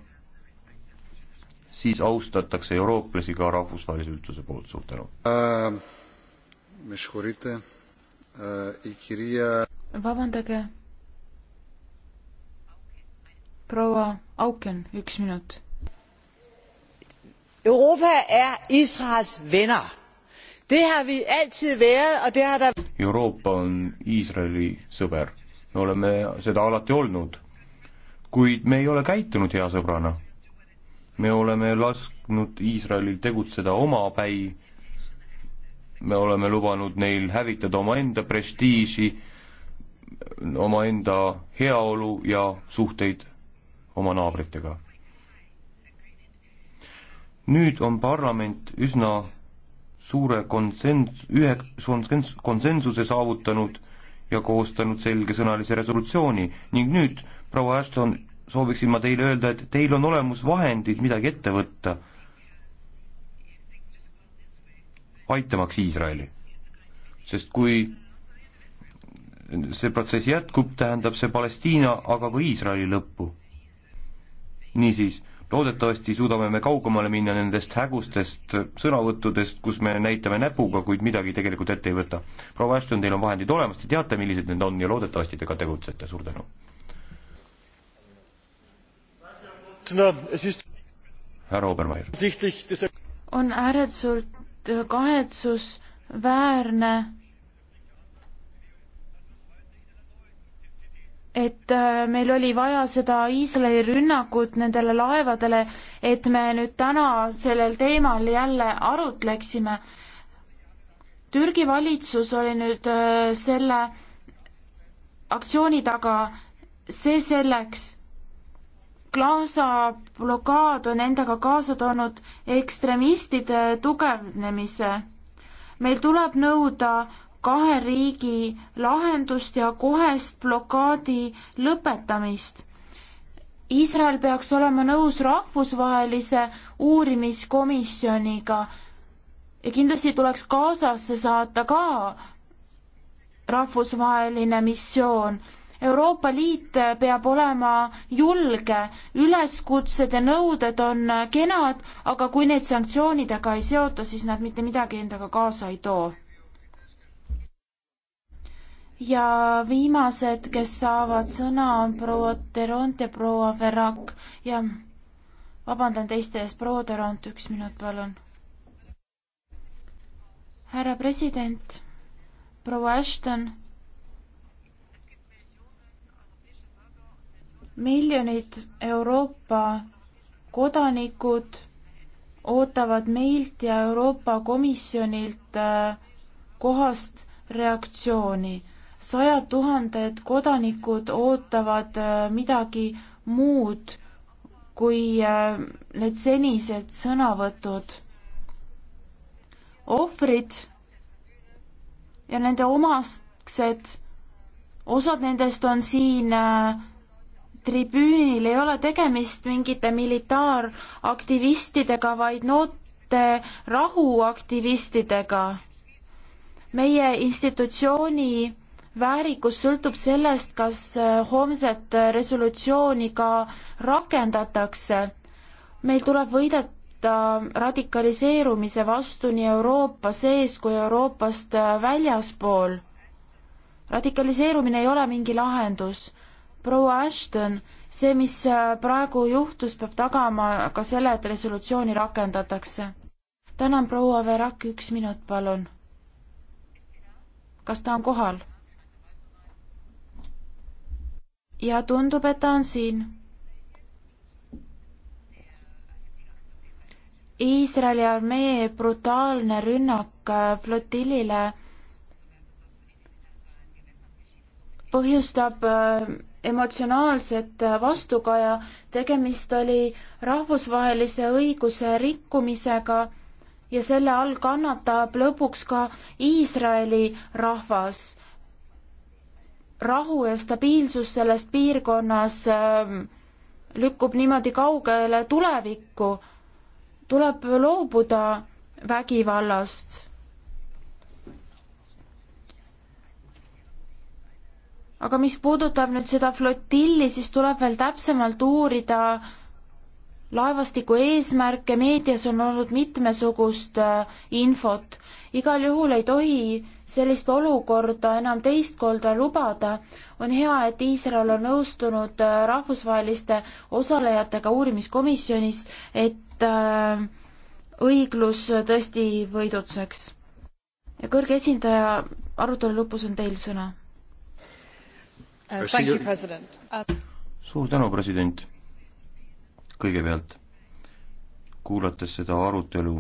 siis austatakse eurooplasi ka rahvusvahelise üldsuse poolt, suur tänu uh,. vabandage proua Auken, üks minut. Euroopa on er Iisraels venner. Det har vi altid været, og det har der... Euroopa on Iisraeli sõber. me oleme seda alati olnud. kuid me ei ole käitunud hea sõbrana. me oleme lasknud Iisraelil tegutseda omapäi, me oleme lubanud neil hävitada omaenda prestiiži, omaenda heaolu ja suhteid oma naabritega. nüüd on parlament üsna suure konsens-, ühe konsens-, konsensuse saavutanud ja koostanud selgesõnalise resolutsiooni ning nüüd, proua Ashton, sooviksin ma teile öelda, et teil on olemas vahendid midagi ette võtta, aitamaks Iisraeli. sest kui see protsess jätkub, tähendab see Palestiina, aga ka Iisraeli lõppu niisiis, loodetavasti suudame me kaugemale minna nendest hägustest sõnavõttudest, kus me näitame näpuga, kuid midagi tegelikult ette ei võta. proua Ashton, teil on vahendid olemas, te teate, millised need on ja loodetavasti te ka tegutsete, suur tänu. härra Obermeier. on ääretult kahetsusväärne et äh, meil oli vaja seda Iisraeli rünnakut nendele laevadele, et me nüüd täna sellel teemal jälle arutleksime. Türgi valitsus oli nüüd äh, selle aktsiooni taga, see selleks. Gaza blokaad on endaga kaasa toonud ekstremistide tugevnemise. meil tuleb nõuda kahe riigi lahendust ja kohest blokaadi lõpetamist. Iisrael peaks olema nõus rahvusvahelise uurimiskomisjoniga ja kindlasti tuleks Gazasse saata ka rahvusvaheline missioon. Euroopa Liit peab olema julge, üleskutsed ja nõuded on kenad, aga kui neid sanktsioonidega ei seota, siis nad mitte midagi endaga kaasa ei too ja viimased, kes saavad sõna, on proua Teront ja proua Verrak ja vabandan teiste ees, proua Teront, üks minut, palun. härra president, proua Ashton, miljonid Euroopa kodanikud ootavad meilt ja Euroopa Komisjonilt äh, kohast reaktsiooni sajad tuhanded kodanikud ootavad äh, midagi muud kui äh, need senised sõnavõtud. ohvrid ja nende omased, osad nendest on siin äh, tribüünil, ei ole tegemist mingite militaaraktivistidega, vaid noorte rahuaktivistidega. meie institutsiooni väärikus sõltub sellest, kas äh, homset äh, resolutsiooni ka rakendatakse. meil tuleb võidelda radikaliseerumise vastu nii Euroopa sees kui Euroopast äh, väljaspool. radikaliseerumine ei ole mingi lahendus. proua Ashton, see, mis praegu juhtus, peab tagama ka selle, et resolutsiooni rakendatakse. tänan, proua Verak, üks minut, palun. kas ta on kohal? ja tundub, et ta on siin. Iisraeli armee brutaalne rünnak äh, flotillile põhjustab äh, emotsionaalset äh, vastukaja, tegemist oli rahvusvahelise õiguse rikkumisega ja selle all kannatab lõpuks ka Iisraeli rahvas rahu ja stabiilsus selles piirkonnas ähm, lükkub niimoodi kaugele tulevikku, tuleb loobuda vägivallast. aga mis puudutab nüüd seda flotilli, siis tuleb veel täpsemalt uurida laevastiku eesmärke, meedias on olnud mitmesugust äh, infot. igal juhul ei tohi sellist olukorda enam teist korda lubada. on hea, et Iisrael on nõustunud äh, rahvusvaheliste osalejatega uurimiskomisjonis, et äh, õiglus tõesti võidutseks. ja kõrge esindaja, arutelu lõpus on teil sõna. Äh, suur tänu, president. kõigepealt, kuulates seda arutelu,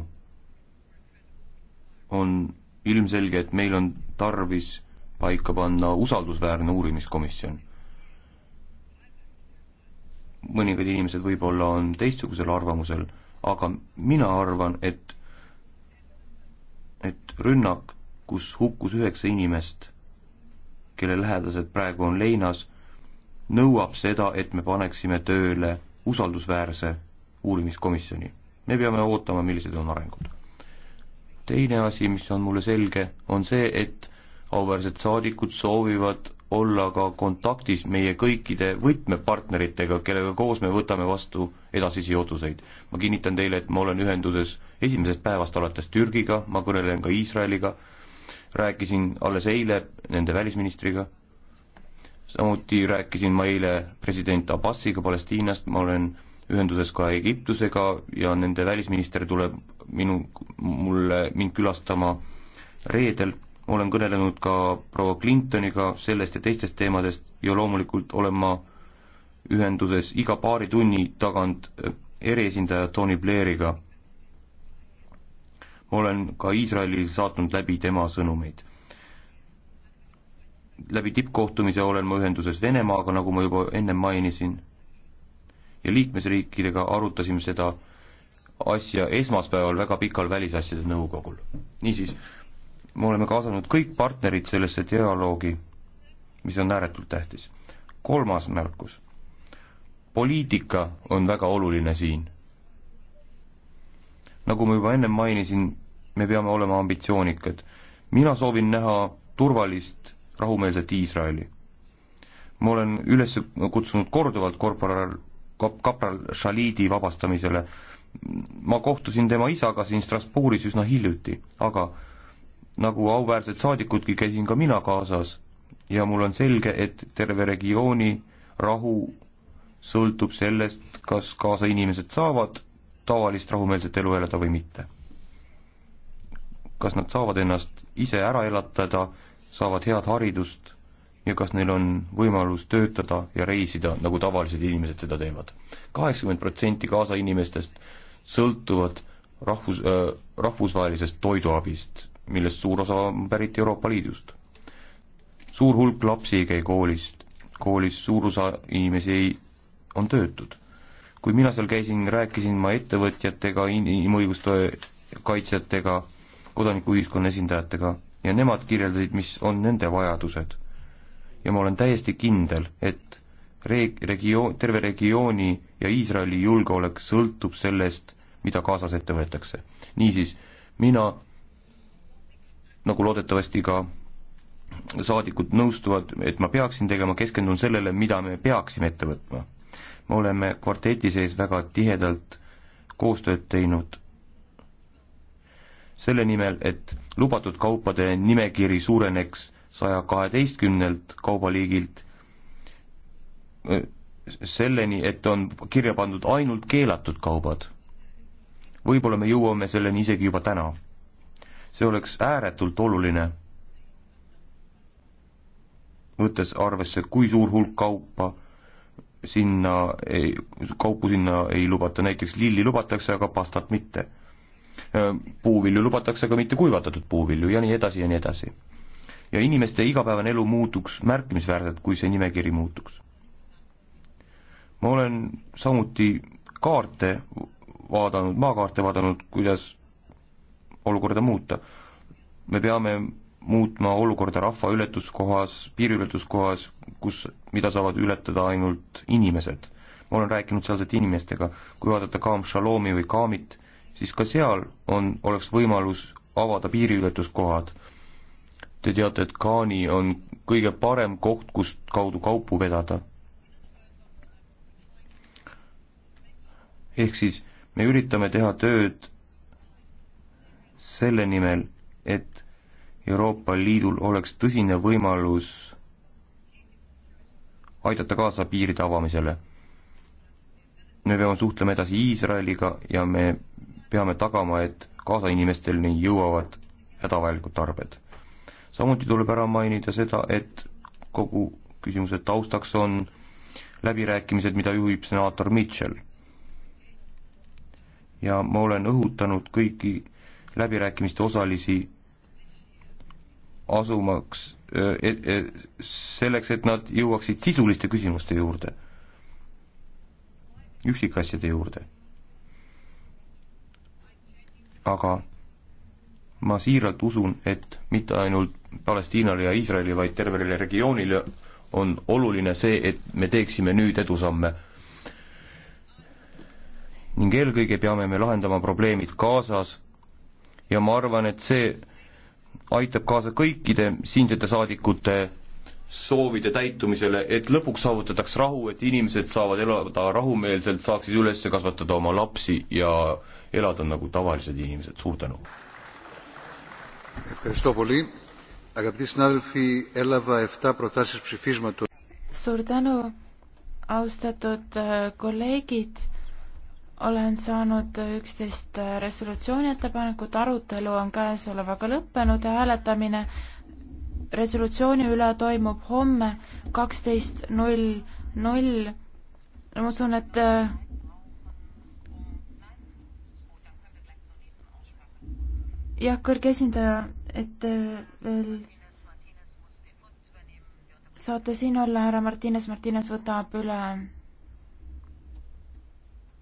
on ilmselge, et meil on tarvis paika panna usaldusväärne uurimiskomisjon. mõningad inimesed võib-olla on teistsugusel arvamusel, aga mina arvan, et, et rünnak, kus hukkus üheksa inimest, kelle lähedased praegu on leinas, nõuab seda, et me paneksime tööle usaldusväärse uurimiskomisjoni. me peame ootama, millised on arengud teine asi, mis on mulle selge, on see, et auväärsed saadikud soovivad olla ka kontaktis meie kõikide võtmepartneritega, kellega koos me võtame vastu edasisi otsuseid. ma kinnitan teile, et ma olen ühenduses esimesest päevast alates Türgiga, ma kõnelen ka Iisraeliga, rääkisin alles eile nende välisministriga, samuti rääkisin ma eile president Abbasiga Palestiinast, ma olen ühenduses ka Egiptusega ja nende välisminister tuleb minu, mulle, mind külastama reedel, olen kõnelenud ka proua Clintoniga sellest ja teistest teemadest ja loomulikult olen ma ühenduses iga paari tunni tagant äh, eriesindaja Tony Blairiga. ma olen ka Iisraeli saatnud läbi tema sõnumeid. läbi tippkohtumise olen ma ühenduses Venemaaga, nagu ma juba ennem mainisin, ja liikmesriikidega arutasime seda asja esmaspäeval väga pikal välisasjade nõukogul. niisiis, me oleme kaasanud kõik partnerid sellesse dialoogi, mis on ääretult tähtis. kolmas märkus. poliitika on väga oluline siin. nagu ma juba ennem mainisin, me peame olema ambitsioonikad. mina soovin näha turvalist rahumeelset Iisraeli. ma olen üles kutsunud korduvalt korporal kap-, kapral Shalidi vabastamisele äh, ma kohtusin tema isaga siin Strasbourgis üsna hiljuti, aga nagu auväärsed saadikudki, käisin ka mina kaasas ja mul on selge, et terve regiooni rahu sõltub sellest, kas kaasa inimesed saavad tavalist rahumeelset elu elada või mitte. kas nad saavad ennast ise ära elatada, saavad head haridust ja kas neil on võimalus töötada ja reisida, nagu tavalised inimesed seda teevad. kaheksakümmend protsenti kaasa inimestest sõltuvad rahvus äh,, rahvusvahelisest toiduabist, millest suur osa on pärit Euroopa Liidust. suur hulk lapsi ei käi koolist, koolis suur osa inimesi ei, on töötud. kui mina seal käisin, rääkisin ma ettevõtjatega, inimõiguste kaitsjatega, kodanikuühiskonna esindajatega ja nemad kirjeldasid, mis on nende vajadused. ja ma olen täiesti kindel, et reeg-, regioon, terve regiooni ja Iisraeli julgeolek sõltub sellest, mida Gazas ette võetakse. niisiis, mina, nagu loodetavasti ka saadikud nõustuvad, et ma peaksin tegema, keskendun sellele, mida me peaksime ette võtma. me oleme kvarteti sees väga tihedalt koostööd teinud selle nimel, et lubatud kaupade nimekiri suureneks saja kaheteistkümnelt kaubaliigilt äh, selleni, et on kirja pandud ainult keelatud kaubad võib-olla me jõuame selleni isegi juba täna. see oleks ääretult oluline, võttes arvesse, kui suur hulk kaupa sinna ei, kaupu sinna ei lubata, näiteks lilli lubatakse, aga pastat mitte. puuvilju lubatakse, aga mitte kuivatatud puuvilju ja nii edasi ja nii edasi. ja inimeste igapäevane elu muutuks märkimisväärselt, kui see nimekiri muutuks. ma olen samuti kaarte vaadanud, maakaarte vaadanud, kuidas olukorda muuta. me peame muutma olukorda rahva ületuskohas, piiriületuskohas, kus, mida saavad ületada ainult inimesed. ma olen rääkinud sealsete inimestega, kui vaadata Kaam Shalomi või Kaamit, siis ka seal on, oleks võimalus avada piiriületuskohad. Te teate, et Kaani on kõige parem koht, kust kaudu kaupu vedada. ehk siis me üritame teha tööd selle nimel, et Euroopa Liidul oleks tõsine võimalus aidata kaasa piiride avamisele. me peame suhtlema edasi Iisraeliga ja me peame tagama, et Gaza inimesteni jõuavad hädavajalikud tarbed. samuti tuleb ära mainida seda, et kogu küsimuse taustaks on läbirääkimised, mida juhib senaator Mitchell ja ma olen õhutanud kõiki läbirääkimiste osalisi asumaks et, et, e, selleks, et nad jõuaksid sisuliste küsimuste juurde, üksikasjade juurde. aga ma siiralt usun, et mitte ainult Palestiinale ja Iisraeli, vaid tervele regioonile on oluline see, et me teeksime nüüd edusamme ning eelkõige peame me lahendama probleemid Gazas ja ma arvan, et see aitab kaasa kõikide siinsete saadikute soovide täitumisele, et lõpuks saavutataks rahu, et inimesed saavad elada rahumeelselt, saaksid üles kasvatada oma lapsi ja elada nagu tavalised inimesed, suur tänu! suur tänu, austatud äh, kolleegid! olen saanud üksteist resolutsiooni ettepanekut, arutelu on käesolevaga lõppenud ja hääletamine resolutsiooni üle toimub homme kaksteist null null. ma usun, et jah, kõrge esindaja, et veel saate siin olla, härra Martines, Martines võtab üle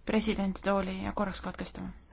presidendi tooli ja korraks katkestama